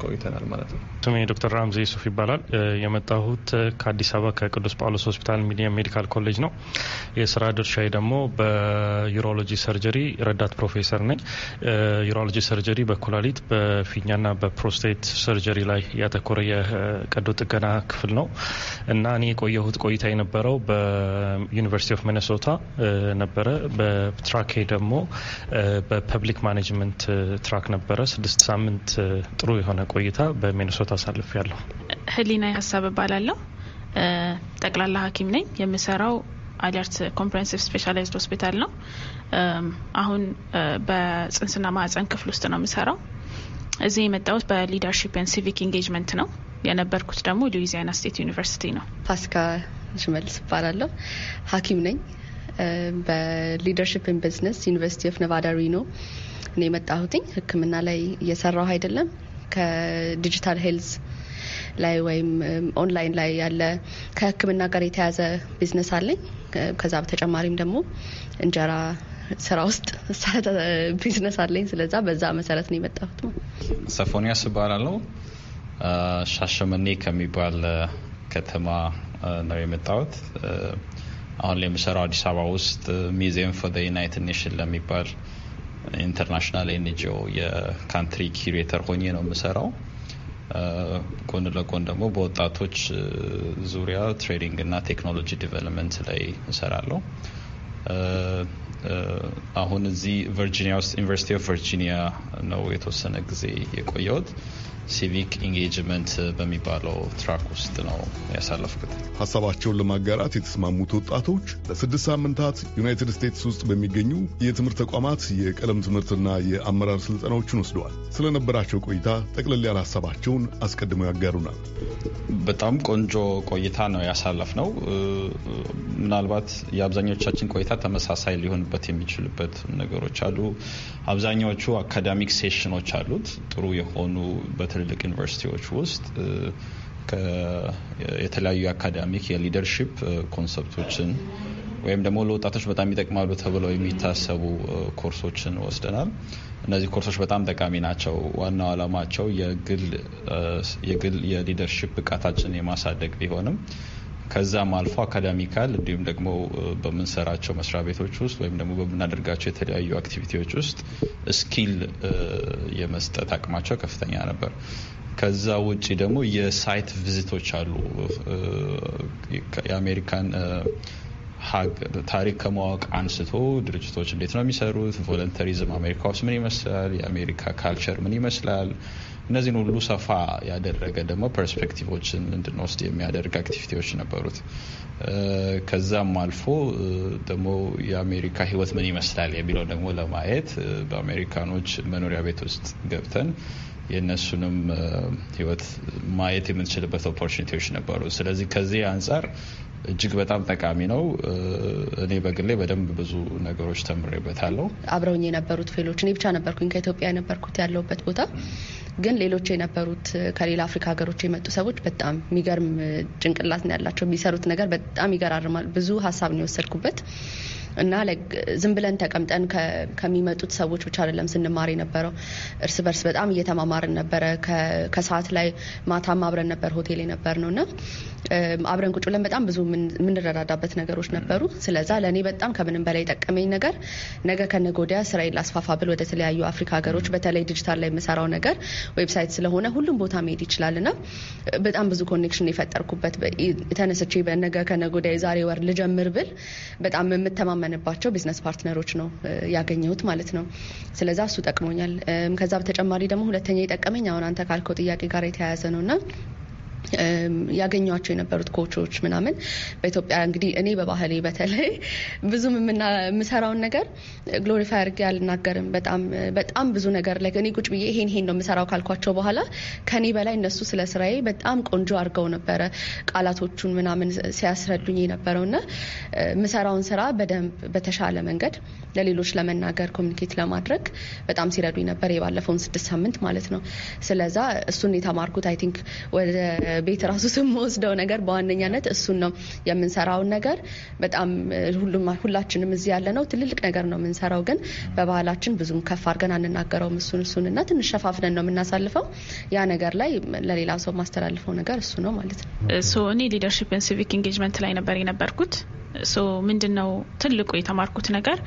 ቆይተናል ማለት ነው። ስሜ ዶክተር ራምዚ ሱፍ ይባላል። የመጣሁት ከአዲስ አበባ ከቅዱስ ጳውሎስ ሆስፒታል ሚሊኒየም ሜዲካል ኮሌጅ ነው። የስራ ድርሻዬ ደግሞ በዩሮሎጂ ሰርጀሪ ረዳት ፕሮፌሰር ነኝ። ዩሮሎጂ ሰርጀሪ በኩላሊት በፊኛና በፕሮስቴት ሰርጀሪ ላይ ያተኮረ የቀዶ ጥገና ክፍል ነው እና እኔ የቆየሁት ቆይታ የነበረው በዩኒቨርሲቲ ኦፍ ሚነሶታ ነበረ። በትራኬ ደግሞ በፐብሊክ ማኔጅመንት ትራክ ነበረ። ስድስት ሳምንት ጥሩ የሆነ ቆይታ በሚኒሶታ አሳልፍ ያለሁ። ህሊና ሀሳብ እባላለሁ። ጠቅላላ ሀኪም ነኝ። የምሰራው አሊያርት ኮምፕሬንሲቭ ስፔሻላይዝድ ሆስፒታል ነው። አሁን በጽንስና ማዕፀን ክፍል ውስጥ ነው የምሰራው። እዚህ የመጣሁት በሊደርሽፕ ን ሲቪክ ኢንጌጅመንት ነው። የነበርኩት ደግሞ ሉዊዚያና ስቴት ዩኒቨርሲቲ ነው። ፓስካ ሽመልስ እባላለሁ። ሀኪም ነኝ። በሊደርሽፕ ን ቢዝነስ ዩኒቨርሲቲ ኦፍ ነቫዳ ሪኖ ነው የመጣሁትኝ። ህክምና ላይ እየሰራሁ አይደለም ከዲጂታል ሄልዝ ላይ ወይም ኦንላይን ላይ ያለ ከህክምና ጋር የተያዘ ቢዝነስ አለኝ። ከዛ በተጨማሪም ደግሞ እንጀራ ስራ ውስጥ ቢዝነስ አለኝ። ስለዛ በዛ መሰረት ነው የመጣሁት። ሰፎኒያስ እባላለሁ። ሻሸመኔ ከሚባል ከተማ ነው የመጣሁት። አሁን ላይ የምሰራው አዲስ አበባ ውስጥ ሚዚየም ፎር ዩናይትድ ኔሽን ለሚባል ኢንተርናሽናል ኤንጂኦ የካንትሪ ኪሬተር ሆኜ ነው የምሰራው። ጎን ለጎን ደግሞ በወጣቶች ዙሪያ ትሬዲንግ እና ቴክኖሎጂ ዲቨሎፕመንት ላይ እሰራለሁ። አሁን እዚህ ቨርጂኒያ ውስጥ ዩኒቨርሲቲ ኦፍ ቨርጂኒያ ነው የተወሰነ ጊዜ የቆየሁት። ሲቪክ ኢንጌጅመንት በሚባለው ትራክ ውስጥ ነው ያሳለፍኩት። ሀሳባቸውን ለማጋራት የተስማሙት ወጣቶች ለስድስት ሳምንታት ዩናይትድ ስቴትስ ውስጥ በሚገኙ የትምህርት ተቋማት የቀለም ትምህርትና የአመራር ስልጠናዎችን ወስደዋል። ስለነበራቸው ቆይታ ጠቅለል ያለ ሀሳባቸውን አስቀድመው ያጋሩናል። በጣም ቆንጆ ቆይታ ነው ያሳለፍ ነው። ምናልባት የአብዛኞቻችን ቆይታ ተመሳሳይ ሊሆንበት የሚችልበት ነገሮች አሉ። አብዛኛዎቹ አካዳሚክ ሴሽኖች አሉት ጥሩ የሆኑ ትልልቅ ዩኒቨርሲቲዎች ውስጥ የተለያዩ የአካዳሚክ የሊደርሺፕ ኮንሰፕቶችን ወይም ደግሞ ለወጣቶች በጣም ይጠቅማሉ ተብለው የሚታሰቡ ኮርሶችን ወስደናል። እነዚህ ኮርሶች በጣም ጠቃሚ ናቸው። ዋናው ዓላማቸው የግል የሊደርሺፕ ብቃታችን የማሳደግ ቢሆንም ከዛም አልፎ አካዳሚካል እንዲሁም ደግሞ በምንሰራቸው መስሪያ ቤቶች ውስጥ ወይም ደግሞ በምናደርጋቸው የተለያዩ አክቲቪቲዎች ውስጥ ስኪል የመስጠት አቅማቸው ከፍተኛ ነበር። ከዛ ውጭ ደግሞ የሳይት ቪዚቶች አሉ። የአሜሪካን ታሪክ ከማወቅ አንስቶ ድርጅቶች እንዴት ነው የሚሰሩት፣ ቮለንተሪዝም አሜሪካ ውስጥ ምን ይመስላል፣ የአሜሪካ ካልቸር ምን ይመስላል እነዚህን ሁሉ ሰፋ ያደረገ ደግሞ ፐርስፔክቲቮችን እንድንወስድ የሚያደርግ አክቲቪቲዎች ነበሩት። ከዛም አልፎ ደግሞ የአሜሪካ ህይወት ምን ይመስላል የሚለው ደግሞ ለማየት በአሜሪካኖች መኖሪያ ቤት ውስጥ ገብተን የእነሱንም ህይወት ማየት የምንችልበት ኦፖርቹኒቲዎች ነበሩ። ስለዚህ ከዚህ አንጻር እጅግ በጣም ጠቃሚ ነው። እኔ በግሌ በደንብ ብዙ ነገሮች ተምሬበታለሁ። አብረውኝ የነበሩት ፌሎች እኔ ብቻ ነበርኩኝ ከኢትዮጵያ የነበርኩት ያለሁበት ቦታ ግን ሌሎች የነበሩት ከሌላ አፍሪካ ሀገሮች የመጡ ሰዎች በጣም የሚገርም ጭንቅላት ነው ያላቸው። የሚሰሩት ነገር በጣም ይገራርማል። ብዙ ሀሳብ ነው የወሰድኩበት። እና ዝም ብለን ተቀምጠን ከሚመጡት ሰዎች ብቻ አይደለም ስንማር የነበረው እርስ በርስ በጣም እየተማማርን ነበረ። ከሰዓት ላይ ማታም አብረን ነበር ሆቴል የነበር ነው እና አብረን ቁጭ ብለን በጣም ብዙ የምንረዳዳበት ነገሮች ነበሩ። ስለዛ ለእኔ በጣም ከምንም በላይ የጠቀመኝ ነገር ነገ ከነገ ወዲያ ስራዬን ላስፋፋ ብል ወደ ተለያዩ አፍሪካ ሀገሮች በተለይ ዲጂታል ላይ የምሰራው ነገር ዌብሳይት ስለሆነ ሁሉም ቦታ መሄድ ይችላል እና በጣም ብዙ ኮኔክሽን የፈጠርኩበት ተነስቼ በነገ ከነገ ወዲያ የዛሬ ወር ልጀምር ብል በጣም የምተማመ በማመንባቸው ቢዝነስ ፓርትነሮች ነው ያገኘሁት ማለት ነው። ስለዛ እሱ ጠቅሞኛል። ከዛ በተጨማሪ ደግሞ ሁለተኛ የጠቀመኝ አሁን አንተ ካልከው ጥያቄ ጋር የተያያዘ ነው እና ያገኟቸው የነበሩት ኮቾች ምናምን በኢትዮጵያ እንግዲህ እኔ በባህሌ በተለይ ብዙም የምሰራውን ነገር ግሎሪፋይ አድርጌ አልናገርም። በጣም በጣም ብዙ ነገር ላይ እኔ ቁጭ ብዬ ይሄን ይሄን ነው የምሰራው ካልኳቸው በኋላ ከኔ በላይ እነሱ ስለ ስራዬ በጣም ቆንጆ አድርገው ነበረ ቃላቶቹን ምናምን ሲያስረዱኝ የነበረውና የምሰራውን ስራ በደንብ በተሻለ መንገድ ለሌሎች ለመናገር ኮሚኒኬት ለማድረግ በጣም ሲረዱኝ ነበር። የባለፈውን ስድስት ሳምንት ማለት ነው። ስለዛ እሱን የተማርኩት አይ ቲንክ ወደ ቤት ራሱ ወስደው ነገር በዋነኛነት እሱን ነው የምንሰራውን ነገር በጣም ሁሉም ሁላችንም እዚህ ያለ ነው ትልልቅ ነገር ነው የምንሰራው፣ ግን በባህላችን ብዙም ከፍ አድርገን አንናገረውም። እሱን እሱን እና ትንሽ ሸፋፍነን ነው የምናሳልፈው። ያ ነገር ላይ ለሌላ ሰው ማስተላልፈው ነገር እሱ ነው ማለት ነው። እኔ ሊደርሽፕን ሲቪክ ኢንጌጅመንት ላይ ነበር የነበርኩት ምንድን ነው ትልቁ የተማርኩት ነገር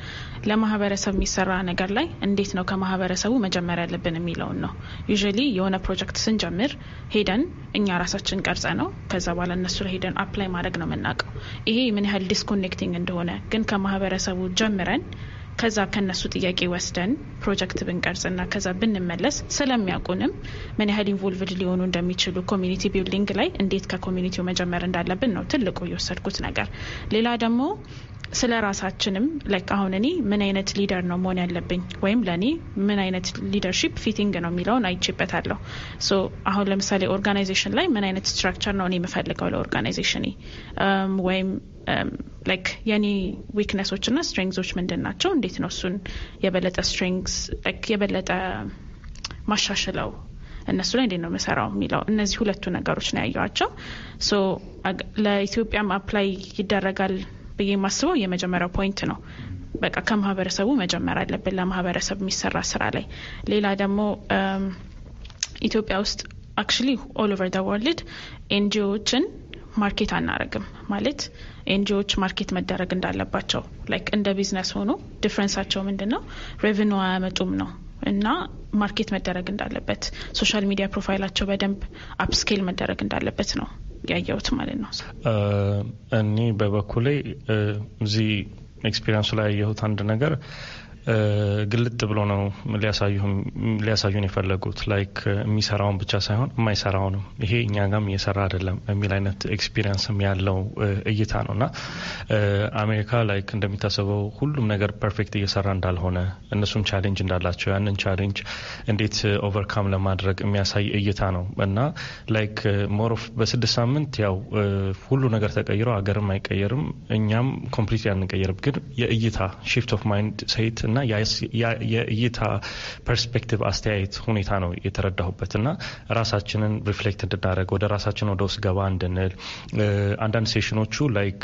ለማህበረሰብ የሚሰራ ነገር ላይ እንዴት ነው ከማህበረሰቡ መጀመር ያለብን የሚለውን ነው። ዩዥሊ የሆነ ፕሮጀክት ስንጀምር ሄደን እኛ ራሳችን ቀርጸ ነው ከዛ በኋላ እነሱ ላይ ሄደን አፕላይ ማድረግ ነው የምናውቀው። ይሄ ምን ያህል ዲስኮኔክቲንግ እንደሆነ ግን ከማህበረሰቡ ጀምረን ከዛ ከነሱ ጥያቄ ወስደን ፕሮጀክት ብንቀርጽ ና ከዛ ብንመለስ ስለሚያውቁንም ምን ያህል ኢንቮልቭድ ሊሆኑ እንደሚችሉ ኮሚኒቲ ቢልዲንግ ላይ እንዴት ከኮሚኒቲው መጀመር እንዳለብን ነው ትልቁ የወሰድኩት ነገር። ሌላ ደግሞ ስለ ራሳችንም ላይክ አሁን እኔ ምን አይነት ሊደር ነው መሆን ያለብኝ ወይም ለእኔ ምን አይነት ሊደርሺፕ ፊቲንግ ነው የሚለውን አይቼበታለሁ። ሶ አሁን ለምሳሌ ኦርጋናይዜሽን ላይ ምን አይነት ስትራክቸር ነው እኔ የምፈልገው ለኦርጋናይዜሽን ወይም ላይክ የኔ ዊክነሶች ና ስትሬንግዞች ምንድን ናቸው? እንዴት ነው እሱን የበለጠ ስትሬንግስ የበለጠ ማሻሽለው እነሱ ላይ እንዴት ነው የምሰራው የሚለው እነዚህ ሁለቱ ነገሮች ነው ያየዋቸው። ሶ ለኢትዮጵያም አፕላይ ይደረጋል ብዬ የማስበው የመጀመሪያው ፖይንት ነው። በቃ ከማህበረሰቡ መጀመር አለብን ለማህበረሰብ የሚሰራ ስራ ላይ። ሌላ ደግሞ ኢትዮጵያ ውስጥ አክቹሊ ኦል ኦቨር ደ ወርልድ ኤንጂኦዎችን ማርኬት አናረግም ማለት ኤንጂኦዎች ማርኬት መደረግ እንዳለባቸው ላይክ እንደ ቢዝነስ ሆኖ ዲፍረንሳቸው ምንድን ነው? ሬቨኑ አያመጡም ነው እና ማርኬት መደረግ እንዳለበት ሶሻል ሚዲያ ፕሮፋይላቸው በደንብ አፕስኬል መደረግ እንዳለበት ነው ያየሁት ማለት ነው። እኔ በበኩሌ እዚህ ኤክስፔሪንሱ ላይ ያየሁት አንድ ነገር ግልጥ ብሎ ነው ሊያሳዩን የፈለጉት ላይክ የሚሰራውን ብቻ ሳይሆን የማይሰራውንም ይሄ እኛ ጋም እየሰራ አይደለም የሚል አይነት ኤክስፒሪየንስም ያለው እይታ ነው እና አሜሪካ ላይክ እንደሚታሰበው ሁሉም ነገር ፐርፌክት እየሰራ እንዳልሆነ እነሱም ቻሌንጅ እንዳላቸው ያንን ቻሌንጅ እንዴት ኦቨርካም ለማድረግ የሚያሳይ እይታ ነው እና ላይክ ሞሮፍ በስድስት ሳምንት ያው ሁሉ ነገር ተቀይሮ ሀገርም አይቀየርም እኛም ኮምፕሊት አንቀየርም ግን የእይታ ሺፍት ኦፍ ማይንድ ሴት እና እና የእይታ ፐርስፔክቲቭ አስተያየት ሁኔታ ነው የተረዳሁበት እና ራሳችንን ሪፍሌክት እንድናደረግ ወደ ራሳችን ወደ ውስጥ ገባ እንድንል አንዳንድ ሴሽኖቹ ላይክ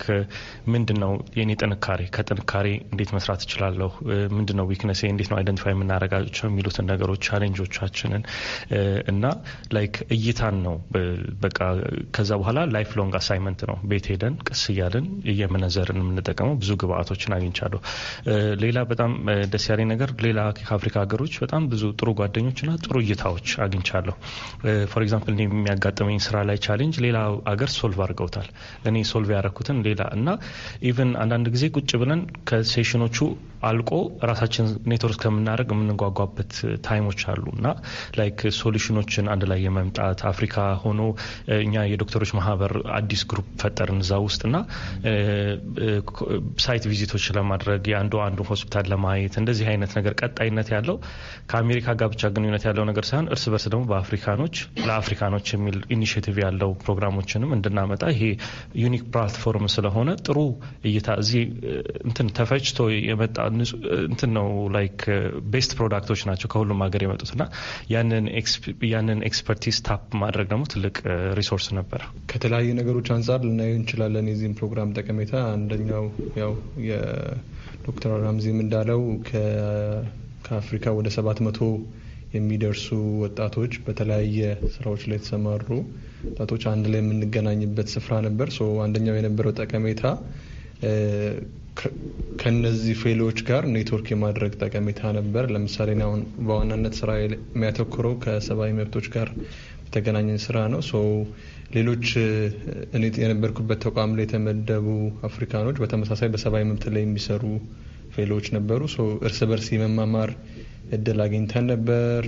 ምንድን ነው የኔ ጥንካሬ ከጥንካሬ እንዴት መስራት እችላለሁ፣ ምንድን ነው ዊክነሴ፣ እንዴት ነው አይደንቲፋይ የምናደረጋቸው የሚሉትን ነገሮች ቻሌንጆቻችንን እና ላይክ እይታን ነው በቃ ከዛ በኋላ ላይፍ ሎንግ አሳይመንት ነው ቤት ሄደን ቅስ እያለን እየመነዘርን የምንጠቀመው ብዙ ግብአቶችን አግኝቻለሁ። ሌላ በጣም ደስ ያለኝ ነገር ሌላ ከአፍሪካ ሀገሮች በጣም ብዙ ጥሩ ጓደኞችና ጥሩ እይታዎች አግኝቻለሁ። ፎር ኤግዛምፕል እኔ የሚያጋጥመኝ ስራ ላይ ቻሌንጅ ሌላ አገር ሶልቭ አድርገውታል። እኔ ሶልቭ ያረኩትን ሌላ እና ኢቨን አንዳንድ ጊዜ ቁጭ ብለን ከሴሽኖቹ አልቆ ራሳችን ኔትወርክ ከምናደርግ የምንጓጓበት ታይሞች አሉ እና ላይክ ሶሉሽኖችን አንድ ላይ የመምጣት አፍሪካ ሆኖ እኛ የዶክተሮች ማህበር አዲስ ግሩፕ ፈጠርን እዛ ውስጥ እና ሳይት ቪዚቶች ለማድረግ የአንዱ አንዱ ሆስፒታል ለማየት እንደዚህ አይነት ነገር ቀጣይነት ያለው ከአሜሪካ ጋር ብቻ ግንኙነት ያለው ነገር ሳይሆን እርስ በርስ ደግሞ በአፍሪካኖች ለአፍሪካኖች የሚል ኢኒሽቲቭ ያለው ፕሮግራሞችንም እንድናመጣ ይሄ ዩኒክ ፕላትፎርም ስለሆነ ጥሩ እይታ እዚህ እንትን ተፈጭቶ የመጣ በጣም እንትን ነው ላይክ ቤስት ፕሮዳክቶች ናቸው ከሁሉም ሀገር የመጡት እና ያንን ኤክስፐርቲዝ ታፕ ማድረግ ደግሞ ትልቅ ሪሶርስ ነበር። ከተለያዩ ነገሮች አንጻር ልናየው እንችላለን የዚህም ፕሮግራም ጠቀሜታ። አንደኛው ያው የዶክተር ራምዚም እንዳለው ከአፍሪካ ወደ ሰባት መቶ የሚደርሱ ወጣቶች በተለያየ ስራዎች ላይ የተሰማሩ ወጣቶች አንድ ላይ የምንገናኝበት ስፍራ ነበር። አንደኛው የነበረው ጠቀሜታ ከነዚህ ፌሎዎች ጋር ኔትወርክ የማድረግ ጠቀሜታ ነበር። ለምሳሌ አሁን በዋናነት ስራ የሚያተኩረው ከሰብአዊ መብቶች ጋር የተገናኘ ስራ ነው። ሌሎች እኔ የነበርኩበት ተቋም ላይ የተመደቡ አፍሪካኖች በተመሳሳይ በሰብአዊ መብት ላይ የሚሰሩ ፌሎች ነበሩ። እርስ በርስ የመማማር እድል አግኝተን ነበር።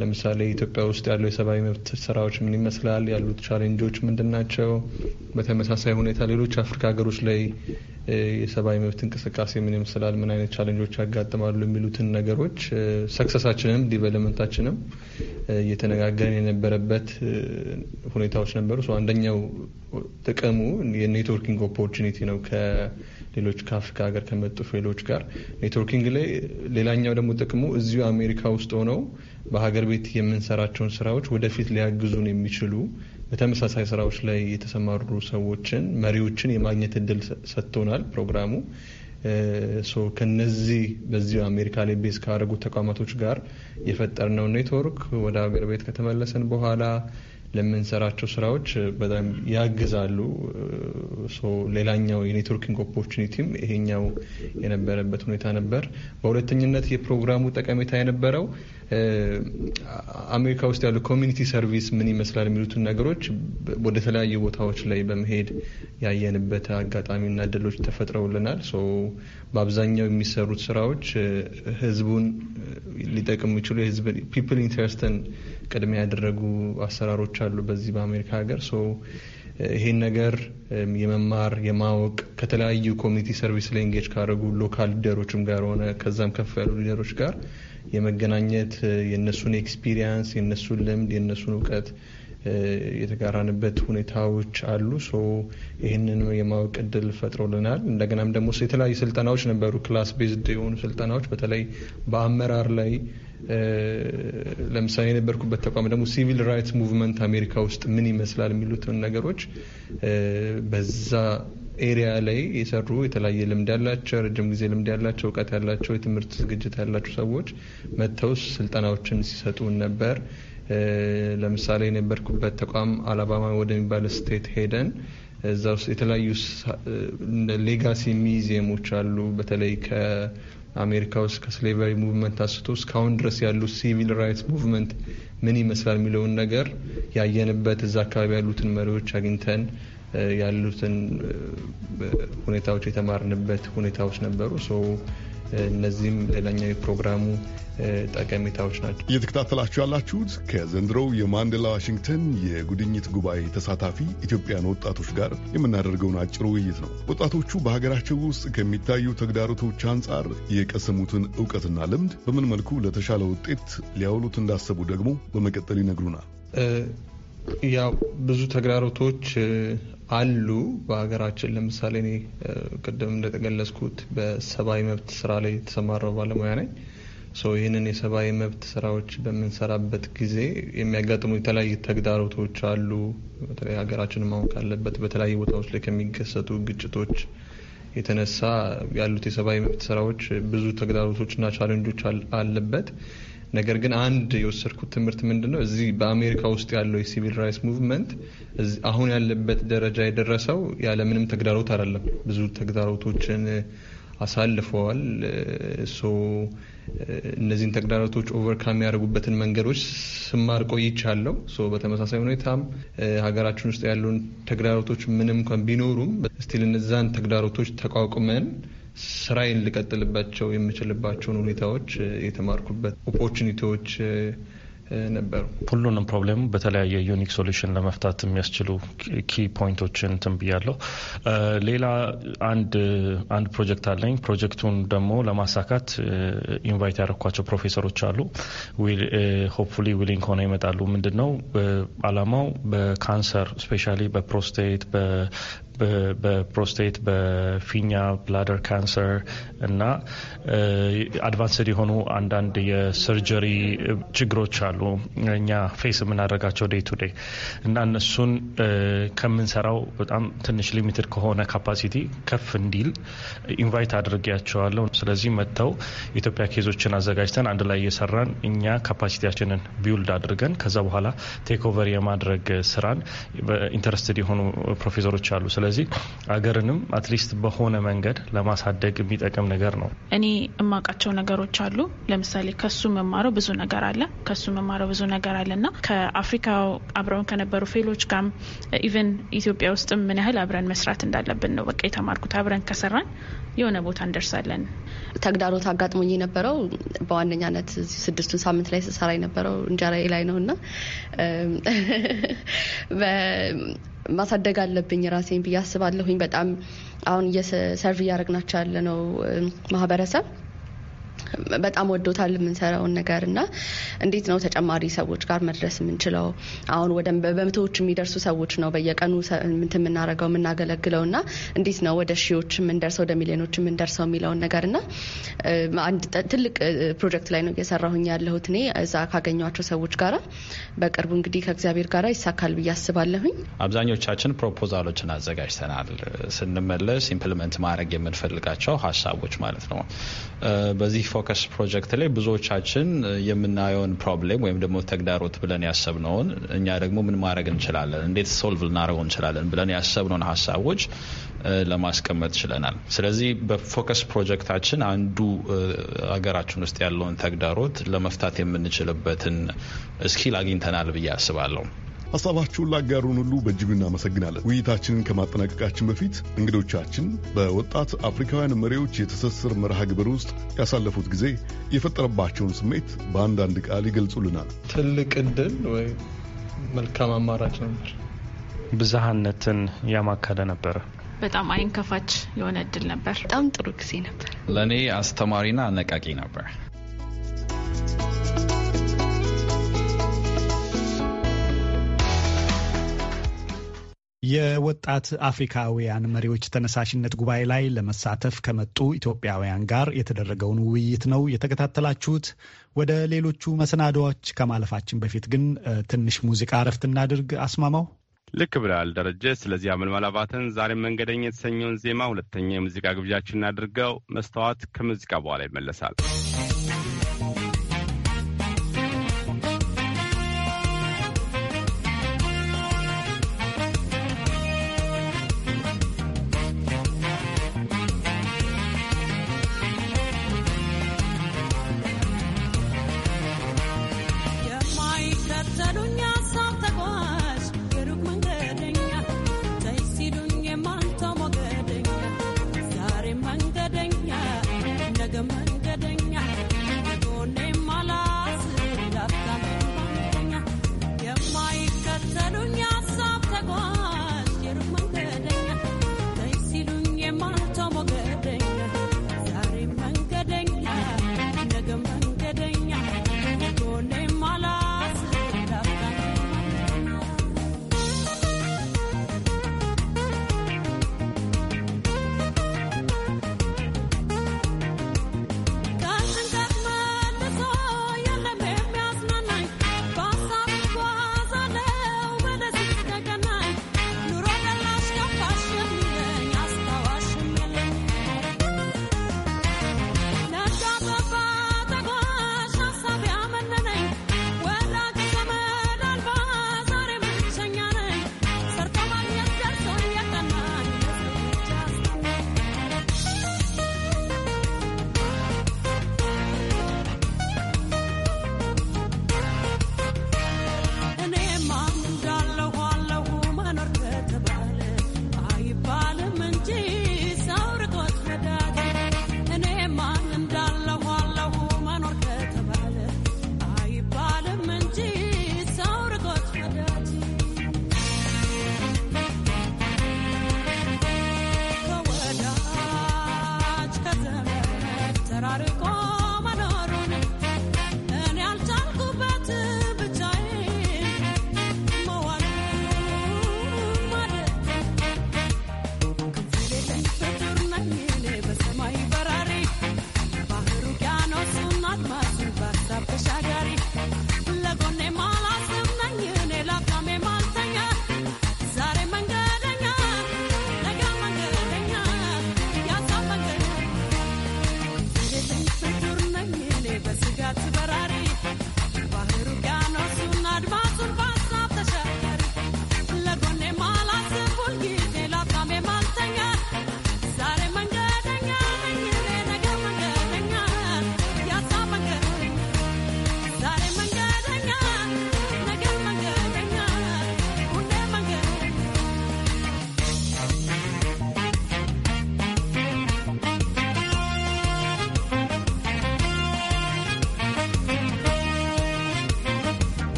ለምሳሌ ኢትዮጵያ ውስጥ ያለው የሰብአዊ መብት ስራዎች ምን ይመስላል? ያሉት ቻሌንጆች ምንድን ናቸው? በተመሳሳይ ሁኔታ ሌሎች አፍሪካ ሀገሮች ላይ የሰብአዊ መብት እንቅስቃሴ ምን ይመስላል? ምን አይነት ቻሌንጆች ያጋጥማሉ? የሚሉትን ነገሮች ሰክሰሳችንም ዲቨሎመንታችንም እየተነጋገርን የነበረበት ሁኔታዎች ነበሩ። አንደኛው ጥቅሙ የኔትወርኪንግ ኦፖርቹኒቲ ነው። ሌሎች ከአፍሪካ ሀገር ከመጡ ፌሎች ጋር ኔትወርኪንግ ላይ ሌላኛው ደግሞ ጥቅሙ እዚሁ አሜሪካ ውስጥ ሆነው በሀገር ቤት የምንሰራቸውን ስራዎች ወደፊት ሊያግዙን የሚችሉ በተመሳሳይ ስራዎች ላይ የተሰማሩ ሰዎችን መሪዎችን የማግኘት እድል ሰጥቶናል ፕሮግራሙ። ከነዚህ በዚሁ አሜሪካ ላይ ቤዝ ካደረጉት ተቋማቶች ጋር የፈጠርነው ኔትወርክ ወደ ሀገር ቤት ከተመለሰን በኋላ ለምንሰራቸው ስራዎች በጣም ያግዛሉ። ሌላኛው የኔትወርኪንግ ኦፖርቹኒቲም ይሄኛው የነበረበት ሁኔታ ነበር። በሁለተኝነት የፕሮግራሙ ጠቀሜታ የነበረው አሜሪካ ውስጥ ያሉ ኮሚኒቲ ሰርቪስ ምን ይመስላል የሚሉትን ነገሮች ወደ ተለያዩ ቦታዎች ላይ በመሄድ ያየንበት አጋጣሚና እድሎች ተፈጥረውልናል። በአብዛኛው የሚሰሩት ስራዎች ህዝቡን ሊጠቅም የሚችሉ ፒፕል ኢንተረስትን ቅድሚያ ያደረጉ አሰራሮች አሉ በዚህ በአሜሪካ ሀገር ሶ ይሄን ነገር የመማር የማወቅ ከተለያዩ ኮሚኒቲ ሰርቪስ ላይ ኢንጌጅ ካደረጉ ሎካል ሊደሮችም ጋር ሆነ ከዛም ከፍ ያሉ ሊደሮች ጋር የመገናኘት የእነሱን ኤክስፒሪየንስ የእነሱን ልምድ የእነሱን እውቀት የተጋራንበት ሁኔታዎች አሉ። ሶ ይህንን የማወቅ እድል ፈጥሮልናል። እንደገናም ደግሞ የተለያዩ ስልጠናዎች ነበሩ፣ ክላስ ቤዝድ የሆኑ ስልጠናዎች በተለይ በአመራር ላይ ለምሳሌ የነበርኩበት ተቋም ደግሞ ሲቪል ራይትስ ሙቭመንት አሜሪካ ውስጥ ምን ይመስላል የሚሉትን ነገሮች በዛ ኤሪያ ላይ የሰሩ የተለያየ ልምድ ያላቸው ረጅም ጊዜ ልምድ ያላቸው እውቀት ያላቸው የትምህርት ዝግጅት ያላቸው ሰዎች መጥተው ስልጠናዎችን ሲሰጡን ነበር። ለምሳሌ የነበርኩበት ተቋም አላባማ ወደሚባል ስቴት ሄደን እዛ ውስጥ የተለያዩ ሌጋሲ ሚዚየሞች አሉ። በተለይ አሜሪካ ውስጥ ከስሌቨሪ ሙቭመንት አንስቶ እስካሁን ድረስ ያሉ ሲቪል ራይትስ ሙቭመንት ምን ይመስላል የሚለውን ነገር ያየንበት እዛ አካባቢ ያሉትን መሪዎች አግኝተን ያሉትን ሁኔታዎች የተማርንበት ሁኔታዎች ነበሩ። እነዚህም ሌላኛው የፕሮግራሙ ጠቀሜታዎች ናቸው። እየተከታተላችሁ ያላችሁት ከዘንድሮው የማንዴላ ዋሽንግተን የጉድኝት ጉባኤ ተሳታፊ ኢትዮጵያን ወጣቶች ጋር የምናደርገውን አጭር ውይይት ነው። ወጣቶቹ በሀገራቸው ውስጥ ከሚታዩ ተግዳሮቶች አንጻር የቀሰሙትን እውቀትና ልምድ በምን መልኩ ለተሻለ ውጤት ሊያውሉት እንዳሰቡ ደግሞ በመቀጠል ይነግሩናል። ያው ብዙ ተግዳሮቶች አሉ። በሀገራችን ለምሳሌ እኔ ቅድም እንደተገለጽኩት በሰብአዊ መብት ስራ ላይ የተሰማረው ባለሙያ ነኝ። ይህንን የሰብአዊ መብት ስራዎች በምንሰራበት ጊዜ የሚያጋጥሙ የተለያዩ ተግዳሮቶች አሉ። በተለይ ሀገራችን ማወቅ አለበት በተለያዩ ቦታዎች ላይ ከሚከሰቱ ግጭቶች የተነሳ ያሉት የሰብአዊ መብት ስራዎች ብዙ ተግዳሮቶችና ቻለንጆች አለበት። ነገር ግን አንድ የወሰድኩት ትምህርት ምንድን ነው እዚህ በአሜሪካ ውስጥ ያለው የሲቪል ራይትስ ሙቭመንት አሁን ያለበት ደረጃ የደረሰው ያለምንም ተግዳሮት አይደለም። ብዙ ተግዳሮቶችን አሳልፈዋል። እነዚህን ተግዳሮቶች ኦቨርካም ያደርጉበትን መንገዶች ስማር ቆይቻለሁ። በተመሳሳይ ሁኔታም ሀገራችን ውስጥ ያሉን ተግዳሮቶች ምንም እንኳን ቢኖሩም ስቲል እነዛን ተግዳሮቶች ተቋቁመን ስራዬን ልቀጥልባቸው የምችልባቸውን ሁኔታዎች የተማርኩበት ኦፖርቹኒቲዎች ነበሩ። ሁሉንም ፕሮብሌም በተለያየ ዩኒክ ሶሉሽን ለመፍታት የሚያስችሉ ኪ ፖይንቶችን ትንብያለሁ። ሌላ አንድ ፕሮጀክት አለኝ። ፕሮጀክቱን ደግሞ ለማሳካት ኢንቫይት ያደረኳቸው ፕሮፌሰሮች አሉ። ሆፕፉሊ ዊሊንግ ሆነው ይመጣሉ። ምንድን ነው አላማው? በካንሰር ስፔሻሊ በፕሮስቴት በፕሮስቴት በፊኛ ብላደር ካንሰር እና አድቫንስድ የሆኑ አንዳንድ የሰርጀሪ ችግሮች አሉ እኛ ፌስ የምናደርጋቸው ዴይ ቱ ዴይ እና እነሱን ከምንሰራው በጣም ትንሽ ሊሚትድ ከሆነ ካፓሲቲ ከፍ እንዲል ኢንቫይት አድርጌያቸዋለሁ። ስለዚህ መጥተው ኢትዮጵያ ኬዞችን አዘጋጅተን አንድ ላይ እየሰራን እኛ ካፓሲቲያችንን ቢውልድ አድርገን ከዛ በኋላ ቴክ ኦቨር የማድረግ ስራን ኢንተረስትድ የሆኑ ፕሮፌሰሮች አሉ። ስለዚህ አገርንም አትሊስት በሆነ መንገድ ለማሳደግ የሚጠቅም ነገር ነው። እኔ እማውቃቸው ነገሮች አሉ። ለምሳሌ ከሱ መማረው ብዙ ነገር አለ ከሱ መማረው ብዙ ነገር አለ እና ከአፍሪካ አብረውን ከነበሩ ፌሎች ጋም ኢቨን ኢትዮጵያ ውስጥም ምን ያህል አብረን መስራት እንዳለብን ነው በቃ የተማርኩት። አብረን ከሰራን የሆነ ቦታ እንደርሳለን። ተግዳሮት አጋጥሞኝ የነበረው በዋነኛነት ስድስቱን ሳምንት ላይ ስሰራ የነበረው እንጀራዬ ላይ ነው እና ማሳደግ አለብኝ ራሴን ብዬ አስባለሁኝ። በጣም አሁን ሰርቭ እያደረግናቸው ያለ ነው ማህበረሰብ በጣም ወዶታል የምንሰራውን ነገር እና እንዴት ነው ተጨማሪ ሰዎች ጋር መድረስ የምንችለው? አሁን ወደ በመቶዎች የሚደርሱ ሰዎች ነው በየቀኑ ምንት የምናደርገው የምናገለግለው እና እንዴት ነው ወደ ሺዎች የምንደርሰው ወደ ሚሊዮኖች የምንደርሰው የሚለውን ነገር እና አንድ ትልቅ ፕሮጀክት ላይ ነው እየሰራሁኝ ያለሁት እኔ እዛ ካገኟቸው ሰዎች ጋራ በቅርቡ እንግዲህ ከእግዚአብሔር ጋራ ይሳካል ብዬ አስባለሁኝ። አብዛኞቻችን ፕሮፖዛሎችን አዘጋጅተናል። ስንመለስ ኢምፕልመንት ማድረግ የምንፈልጋቸው ሀሳቦች ማለት ነው በዚህ ፎከስ ፕሮጀክት ላይ ብዙዎቻችን የምናየውን ፕሮብሌም ወይም ደግሞ ተግዳሮት ብለን ያሰብነውን እኛ ደግሞ ምን ማድረግ እንችላለን፣ እንዴት ሶልቭ ልናደርገው እንችላለን ብለን ያሰብነውን ሀሳቦች ለማስቀመጥ ችለናል። ስለዚህ በፎከስ ፕሮጀክታችን አንዱ ሀገራችን ውስጥ ያለውን ተግዳሮት ለመፍታት የምንችልበትን ስኪል አግኝተናል ብዬ አስባለሁ። ሀሳባችሁን ላጋሩን ሁሉ በእጅጉ እናመሰግናለን። ውይይታችንን ከማጠናቀቃችን በፊት እንግዶቻችን በወጣት አፍሪካውያን መሪዎች የትስስር መርሃ ግብር ውስጥ ያሳለፉት ጊዜ የፈጠረባቸውን ስሜት በአንዳንድ ቃል ይገልጹልናል። ትልቅ እድል ወይ መልካም አማራጭ ነበር። ብዝሃነትን ያማከለ ነበረ። በጣም አይን ከፋች የሆነ እድል ነበር። በጣም ጥሩ ጊዜ ነበር። ለእኔ አስተማሪና አነቃቂ ነበር። የወጣት አፍሪካውያን መሪዎች ተነሳሽነት ጉባኤ ላይ ለመሳተፍ ከመጡ ኢትዮጵያውያን ጋር የተደረገውን ውይይት ነው የተከታተላችሁት። ወደ ሌሎቹ መሰናዶዎች ከማለፋችን በፊት ግን ትንሽ ሙዚቃ እረፍት እናድርግ። አስማማው ልክ ብለሃል ደረጀ። ስለዚህ አመልማላባትን ዛሬ መንገደኛ የተሰኘውን ዜማ ሁለተኛ የሙዚቃ ግብዣችን እናድርገው። መስተዋት ከሙዚቃ በኋላ ይመለሳል።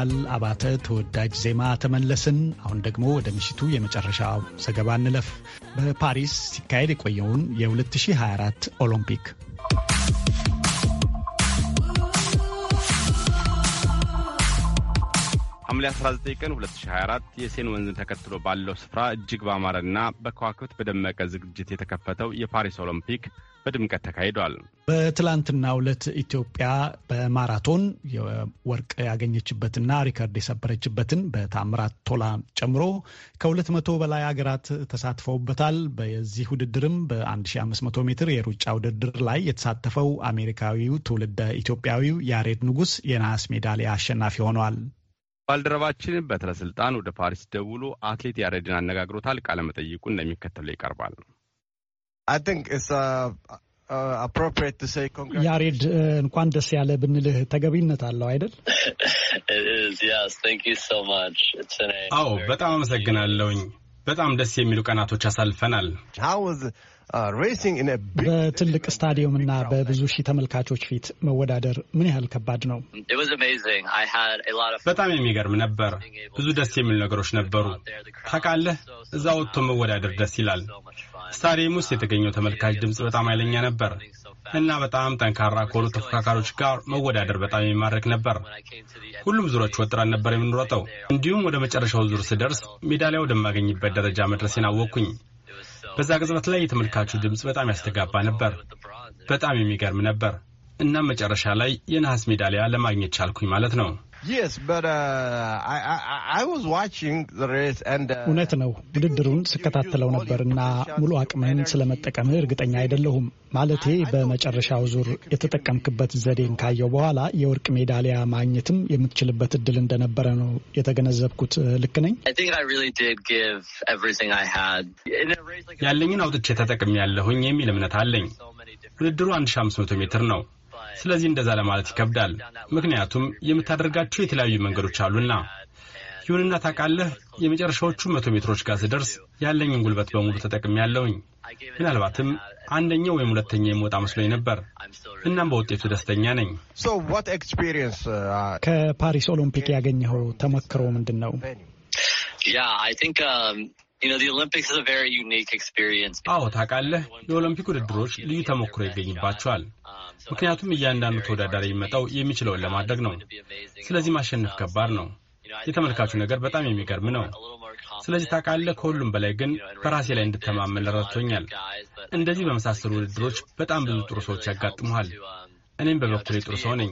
የናታል አባተ ተወዳጅ ዜማ ተመለስን። አሁን ደግሞ ወደ ምሽቱ የመጨረሻ ዘገባ እንለፍ። በፓሪስ ሲካሄድ የቆየውን የ2024 ኦሎምፒክ ሐምሌ 19 ቀን 2024 የሴን ወንዝን ተከትሎ ባለው ስፍራ እጅግ በአማረና በከዋክብት በደመቀ ዝግጅት የተከፈተው የፓሪስ ኦሎምፒክ በድምቀት ተካሂዷል። በትላንትና ሁለት ኢትዮጵያ በማራቶን ወርቅ ያገኘችበትና ሪከርድ የሰበረችበትን በታምራት ቶላ ጨምሮ ከ200 በላይ ሀገራት ተሳትፈውበታል። በዚህ ውድድርም በ1500 ሜትር የሩጫ ውድድር ላይ የተሳተፈው አሜሪካዊው ትውልደ ኢትዮጵያዊው ያሬድ ንጉስ የነሐስ ሜዳሊያ አሸናፊ ሆነዋል። ባልደረባችን በትረስልጣን ወደ ፓሪስ ደውሎ አትሌት ያሬድን አነጋግሮታል። ቃለ መጠይቁ እንደሚከተለው ይቀርባል። uh, uh, ያሬድ uh, እንኳን ደስ ያለ ብንልህ ተገቢነት አለው አይደል? አዎ፣ በጣም አመሰግናለሁኝ። በጣም ደስ የሚሉ ቀናቶች አሳልፈናል። በትልቅ ስታዲየምና በብዙ ሺህ ተመልካቾች ፊት መወዳደር ምን ያህል ከባድ ነው? በጣም የሚገርም ነበር። ብዙ ደስ የሚሉ ነገሮች ነበሩ። ታውቃለህ፣ እዛ ወጥቶ መወዳደር ደስ ይላል። ስታዲየም ውስጥ የተገኘው ተመልካች ድምፅ በጣም ኃይለኛ ነበር እና በጣም ጠንካራ ከሆኑ ተፎካካሪዎች ጋር መወዳደር በጣም የሚማርክ ነበር። ሁሉም ዙሮች ወጥረን ነበር የምንሮጠው። እንዲሁም ወደ መጨረሻው ዙር ስደርስ ሜዳሊያ ወደማገኝበት ደረጃ መድረሴን አወቅኩኝ። በዛ ቅጽበት ላይ የተመልካቹ ድምፅ በጣም ያስተጋባ ነበር። በጣም የሚገርም ነበር። እናም መጨረሻ ላይ የነሐስ ሜዳሊያ ለማግኘት ቻልኩኝ ማለት ነው። uh, uh, እውነት ነው። ውድድሩን ስከታተለው ነበር እና ሙሉ አቅምህን ስለመጠቀምህ እርግጠኛ አይደለሁም። ማለቴ በመጨረሻው ዙር የተጠቀምክበት ዘዴን ካየው በኋላ የወርቅ ሜዳሊያ ማግኘትም የምትችልበት እድል እንደነበረ ነው የተገነዘብኩት። ልክ ነኝ? ያለኝን አውጥቼ ተጠቅም ያለሁኝ የሚል እምነት አለኝ። ውድድሩ 1500 ሜትር ነው። ስለዚህ እንደዛ ለማለት ይከብዳል። ምክንያቱም የምታደርጋቸው የተለያዩ መንገዶች አሉና። ይሁንና ታውቃለህ፣ የመጨረሻዎቹ መቶ ሜትሮች ጋር ስደርስ ያለኝን ጉልበት በሙሉ ተጠቅሜ ያለውኝ። ምናልባትም አንደኛው ወይም ሁለተኛ የምወጣ መስሎኝ ነበር። እናም በውጤቱ ደስተኛ ነኝ። uh, ከፓሪስ ኦሎምፒክ ያገኘኸው ተሞክሮ ምንድን ነው? አዎ ታውቃለህ፣ የኦሎምፒክ ውድድሮች ልዩ ተሞክሮ ይገኝባቸዋል። ምክንያቱም እያንዳንዱ ተወዳዳሪ የሚመጣው የሚችለውን ለማድረግ ነው። ስለዚህ ማሸነፍ ከባድ ነው። የተመልካቹ ነገር በጣም የሚገርም ነው። ስለዚህ ታውቃለህ፣ ከሁሉም በላይ ግን በራሴ ላይ እንድተማመን ረድቶኛል። እንደዚህ በመሳሰሉ ውድድሮች በጣም ብዙ ጥሩ ሰዎች ያጋጥመዋል እኔም በበኩሌ ጥሩ ሰው ነኝ።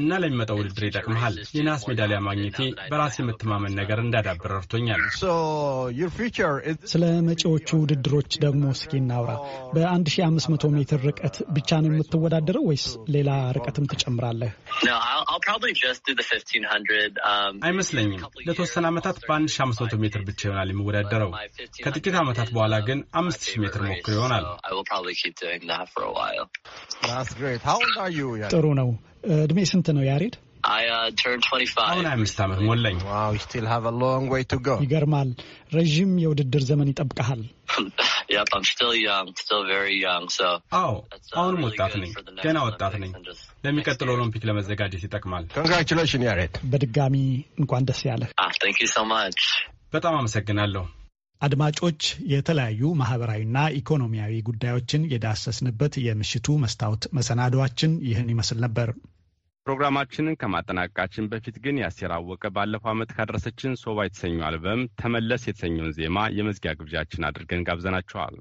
እና ለሚመጣው ውድድር ይጠቅመሃል። የናስ ሜዳሊያ ማግኘቴ በራሴ የመተማመን ነገር እንዳዳብር ረድቶኛል። ስለ መጪዎቹ ውድድሮች ደግሞ እስኪ እናውራ። በ1500 ሜትር ርቀት ብቻ ነው የምትወዳደረው ወይስ ሌላ ርቀትም ትጨምራለህ? Um, አይመስለኝም። ለተወሰነ ዓመታት በ1500 ሜትር ብቻ ይሆናል የምወዳደረው። ከጥቂት ዓመታት በኋላ ግን 5000 ሜትር ሞክር ይሆናል። ጥሩ ነው። እድሜ ስንት ነው ያሬድ? Uh, አሁን አምስት ዓመት ሞላኝ። ይገርማል። ረዥም የውድድር ዘመን ይጠብቀሃል። አዎ uh, አሁንም ወጣት ነኝ፣ ገና ወጣት ነኝ። ለሚቀጥለው ኦሎምፒክ ለመዘጋጀት ይጠቅማል። ኮንግራቹሌሽን ያሬድ፣ በድጋሚ እንኳን ደስ ያለህ። ah, በጣም አመሰግናለሁ። አድማጮች የተለያዩ ማህበራዊና ኢኮኖሚያዊ ጉዳዮችን የዳሰስንበት የምሽቱ መስታወት መሰናዷችን ይህን ይመስል ነበር። ፕሮግራማችንን ከማጠናቀቃችን በፊት ግን ያሴር አወቀ ባለፈው ዓመት ካደረሰችን ሶባ የተሰኘው አልበም ተመለስ የተሰኘውን ዜማ የመዝጊያ ግብዣችን አድርገን ጋብዘናቸዋል።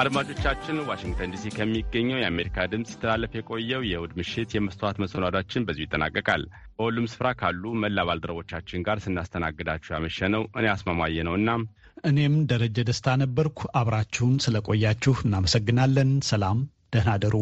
አድማጮቻችን፣ ዋሽንግተን ዲሲ ከሚገኘው የአሜሪካ ድምፅ ሲተላለፍ የቆየው የእሁድ ምሽት የመስተዋት መሰናዷችን በዚሁ ይጠናቀቃል። በሁሉም ስፍራ ካሉ መላ ባልደረቦቻችን ጋር ስናስተናግዳችሁ ነው እኔ አስማማየ ነውና እኔም ደረጀ ደስታ ነበርኩ። አብራችሁን ስለቆያችሁ እናመሰግናለን። ሰላም፣ ደህና ደሩ።